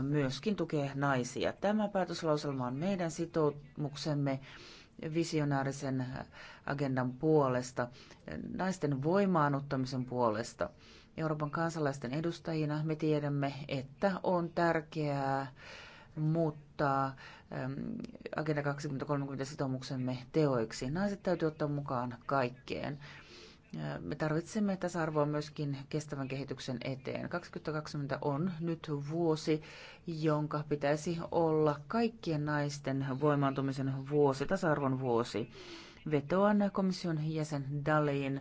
myöskin tukee naisia. Tämä päätöslauselma on meidän sitoumuksemme visionäärisen agendan puolesta, naisten voimaanottamisen puolesta. Euroopan kansalaisten edustajina me tiedämme, että on tärkeää muuttaa Agenda 2030 sitoumuksemme teoiksi. Naiset täytyy ottaa mukaan kaikkeen. Me tarvitsemme tasa-arvoa myöskin kestävän kehityksen eteen. 2020 on nyt vuosi, jonka pitäisi olla kaikkien naisten voimaantumisen vuosi, tasa-arvon vuosi. Vetoan komission jäsen Daliin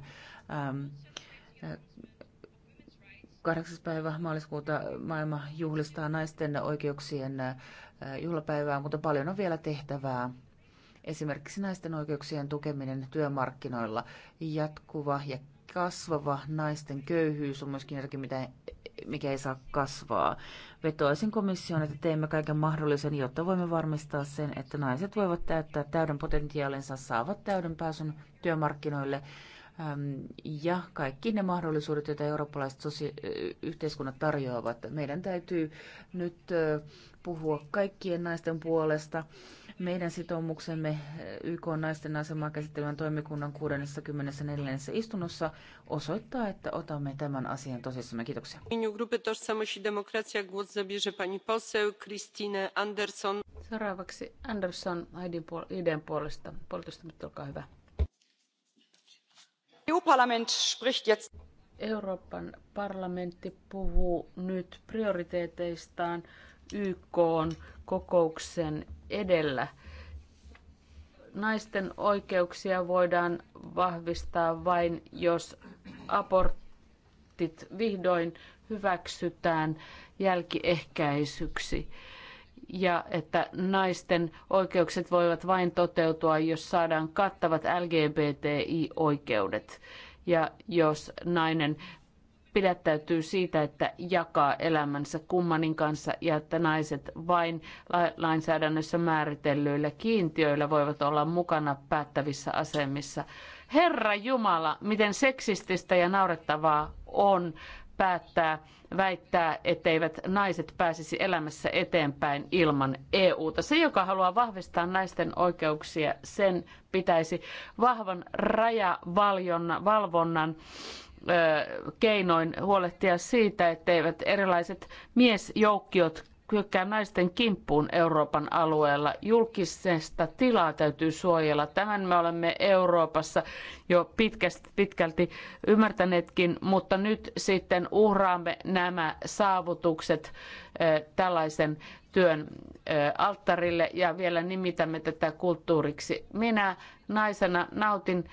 8. päivä maaliskuuta maailma juhlistaa naisten oikeuksien juhlapäivää, mutta paljon on vielä tehtävää. Esimerkiksi naisten oikeuksien tukeminen työmarkkinoilla, jatkuva ja kasvava naisten köyhyys on myöskin jotakin, mitä, mikä ei saa kasvaa. Vetoaisin komissioon, että teemme kaiken mahdollisen, jotta voimme varmistaa sen, että naiset voivat täyttää täyden potentiaalinsa, saavat täyden pääsyn työmarkkinoille ja kaikki ne mahdollisuudet, joita eurooppalaiset sosia- yhteiskunnat tarjoavat. Meidän täytyy nyt puhua kaikkien naisten puolesta meidän sitoumuksemme eh, YK naisten asemaa käsittelevän toimikunnan 64. istunnossa osoittaa, että otamme tämän asian tosissamme. Kiitoksia. pani Kristine Seuraavaksi Andersson Aiden puolesta. Puolitoista minuuttia, olkaa hyvä. EU-parlament spricht jetzt. Euroopan parlamentti puhuu nyt prioriteeteistaan YK on kokouksen edellä. Naisten oikeuksia voidaan vahvistaa vain, jos abortit vihdoin hyväksytään jälkiehkäisyksi ja että naisten oikeukset voivat vain toteutua, jos saadaan kattavat LGBTI-oikeudet ja jos nainen pidättäytyy siitä, että jakaa elämänsä kummanin kanssa ja että naiset vain lainsäädännössä määritellyillä kiintiöillä voivat olla mukana päättävissä asemissa. Herra Jumala, miten seksististä ja naurettavaa on päättää, väittää, etteivät naiset pääsisi elämässä eteenpäin ilman EUta. Se, joka haluaa vahvistaa naisten oikeuksia, sen pitäisi vahvan rajavalvonnan keinoin huolehtia siitä, etteivät erilaiset miesjoukkiot hyökkää naisten kimppuun Euroopan alueella. Julkisesta tilaa täytyy suojella. Tämän me olemme Euroopassa jo pitkästi, pitkälti ymmärtäneetkin, mutta nyt sitten uhraamme nämä saavutukset tällaisen työn alttarille ja vielä nimitämme tätä kulttuuriksi. Minä naisena nautin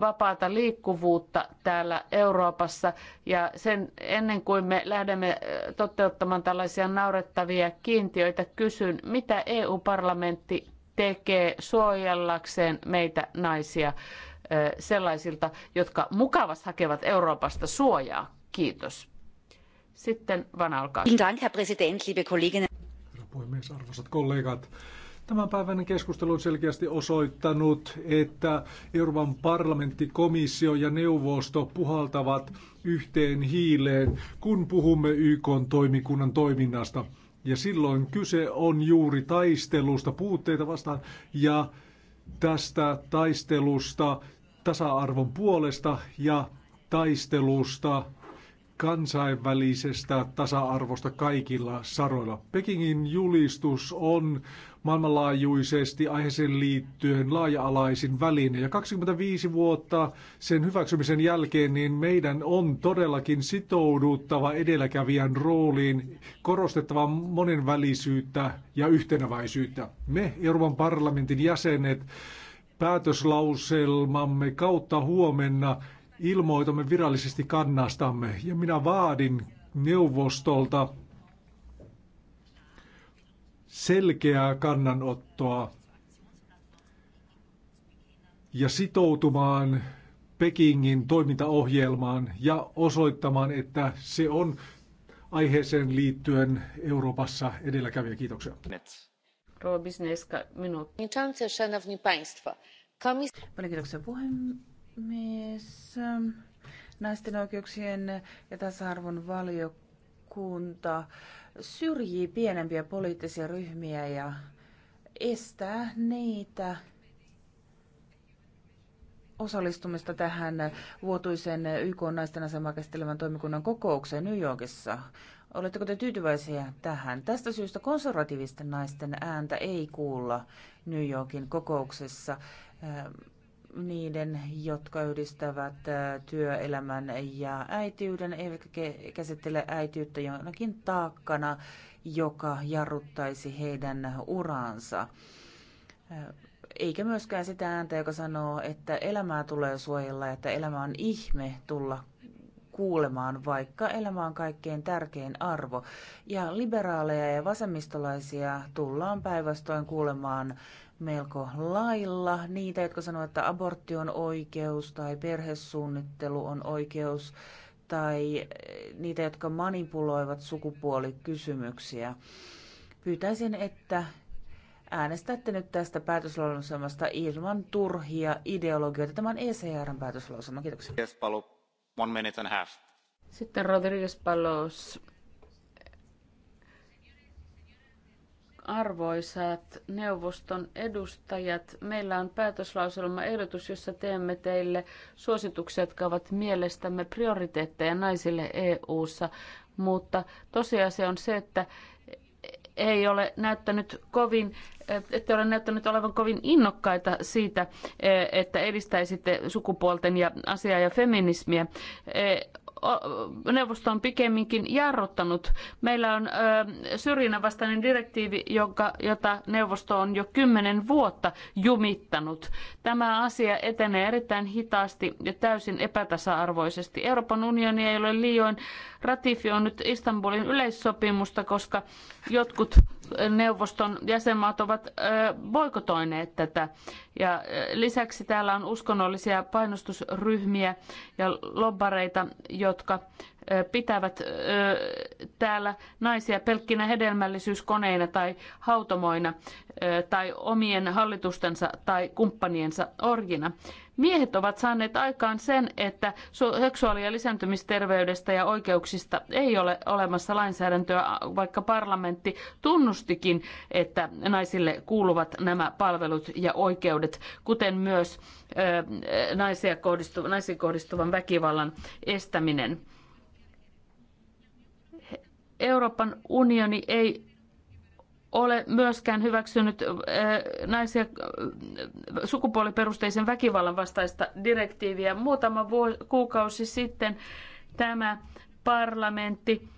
vapaata liikkuvuutta täällä Euroopassa. Ja sen, ennen kuin me lähdemme toteuttamaan tällaisia naurettavia kiintiöitä, kysyn, mitä EU-parlamentti tekee suojellakseen meitä naisia sellaisilta, jotka mukavasti hakevat Euroopasta suojaa. Kiitos. Sitten vanha alkaa. Herra puhemies, arvoisat kollegat. Tämän päivän keskustelu on selkeästi osoittanut, että Euroopan parlamentti, komissio ja neuvosto puhaltavat yhteen hiileen, kun puhumme YK toimikunnan toiminnasta. Ja silloin kyse on juuri taistelusta puutteita vastaan ja tästä taistelusta tasa-arvon puolesta ja taistelusta kansainvälisestä tasa-arvosta kaikilla saroilla. Pekingin julistus on maailmanlaajuisesti aiheeseen liittyen laaja-alaisin väline. Ja 25 vuotta sen hyväksymisen jälkeen niin meidän on todellakin sitouduttava edelläkävijän rooliin, korostettava monenvälisyyttä ja yhtenäväisyyttä. Me Euroopan parlamentin jäsenet päätöslauselmamme kautta huomenna ilmoitamme virallisesti kannastamme ja minä vaadin neuvostolta selkeää kannanottoa ja sitoutumaan Pekingin toimintaohjelmaan ja osoittamaan, että se on aiheeseen liittyen Euroopassa edelläkävijä. Kiitoksia. Paljon kiitoksia puhemies. Naisten oikeuksien ja tasa-arvon valiokunta syrjii pienempiä poliittisia ryhmiä ja estää niitä osallistumista tähän vuotuisen YK naisten asemaa käsittelevän toimikunnan kokoukseen New Yorkissa. Oletteko te tyytyväisiä tähän? Tästä syystä konservatiivisten naisten ääntä ei kuulla New Yorkin kokouksessa. Ehm, niiden, jotka yhdistävät työelämän ja äitiyden, eivätkä käsittele äitiyttä jonakin taakkana, joka jarruttaisi heidän uraansa. Eikä myöskään sitä ääntä, joka sanoo, että elämää tulee suojella, että elämä on ihme tulla kuulemaan, vaikka elämä on kaikkein tärkein arvo. Ja liberaaleja ja vasemmistolaisia tullaan päinvastoin kuulemaan melko lailla niitä, jotka sanovat, että abortti on oikeus tai perhesuunnittelu on oikeus tai eh, niitä, jotka manipuloivat sukupuolikysymyksiä. Pyytäisin, että äänestätte nyt tästä päätöslauselmasta ilman turhia ideologioita. Tämä on ECRn päätöslauselma. Kiitoksia. Yes, One minute and a half. Sitten Rodriguez Palos. Arvoisat neuvoston edustajat, meillä on ehdotus, jossa teemme teille suosituksia, jotka ovat mielestämme prioriteetteja naisille EU-ssa, mutta tosiasia on se, että ei ole näyttänyt kovin, että ole näyttänyt olevan kovin innokkaita siitä, e, että edistäisitte sukupuolten ja asiaa ja feminismiä. E, neuvosto on pikemminkin jarruttanut. Meillä on syrjinnän vastainen direktiivi, jonka, jota neuvosto on jo kymmenen vuotta jumittanut. Tämä asia etenee erittäin hitaasti ja täysin epätasa-arvoisesti. Euroopan unioni ei ole liioin ratifioinut Istanbulin yleissopimusta, koska jotkut neuvoston jäsenmaat ovat boikotoineet tätä. Ja lisäksi täällä on uskonnollisia painostusryhmiä ja lobbareita, jotka pitävät täällä naisia pelkkinä hedelmällisyyskoneina tai hautomoina tai omien hallitustensa tai kumppaniensa orjina. Miehet ovat saaneet aikaan sen, että seksuaali- ja lisääntymisterveydestä ja oikeuksista ei ole olemassa lainsäädäntöä, vaikka parlamentti tunnustikin, että naisille kuuluvat nämä palvelut ja oikeudet, kuten myös naisia naisiin kohdistuvan väkivallan estäminen. Euroopan unioni ei ole myöskään hyväksynyt naisia sukupuoliperusteisen väkivallan vastaista direktiiviä. Muutama kuukausi sitten tämä parlamentti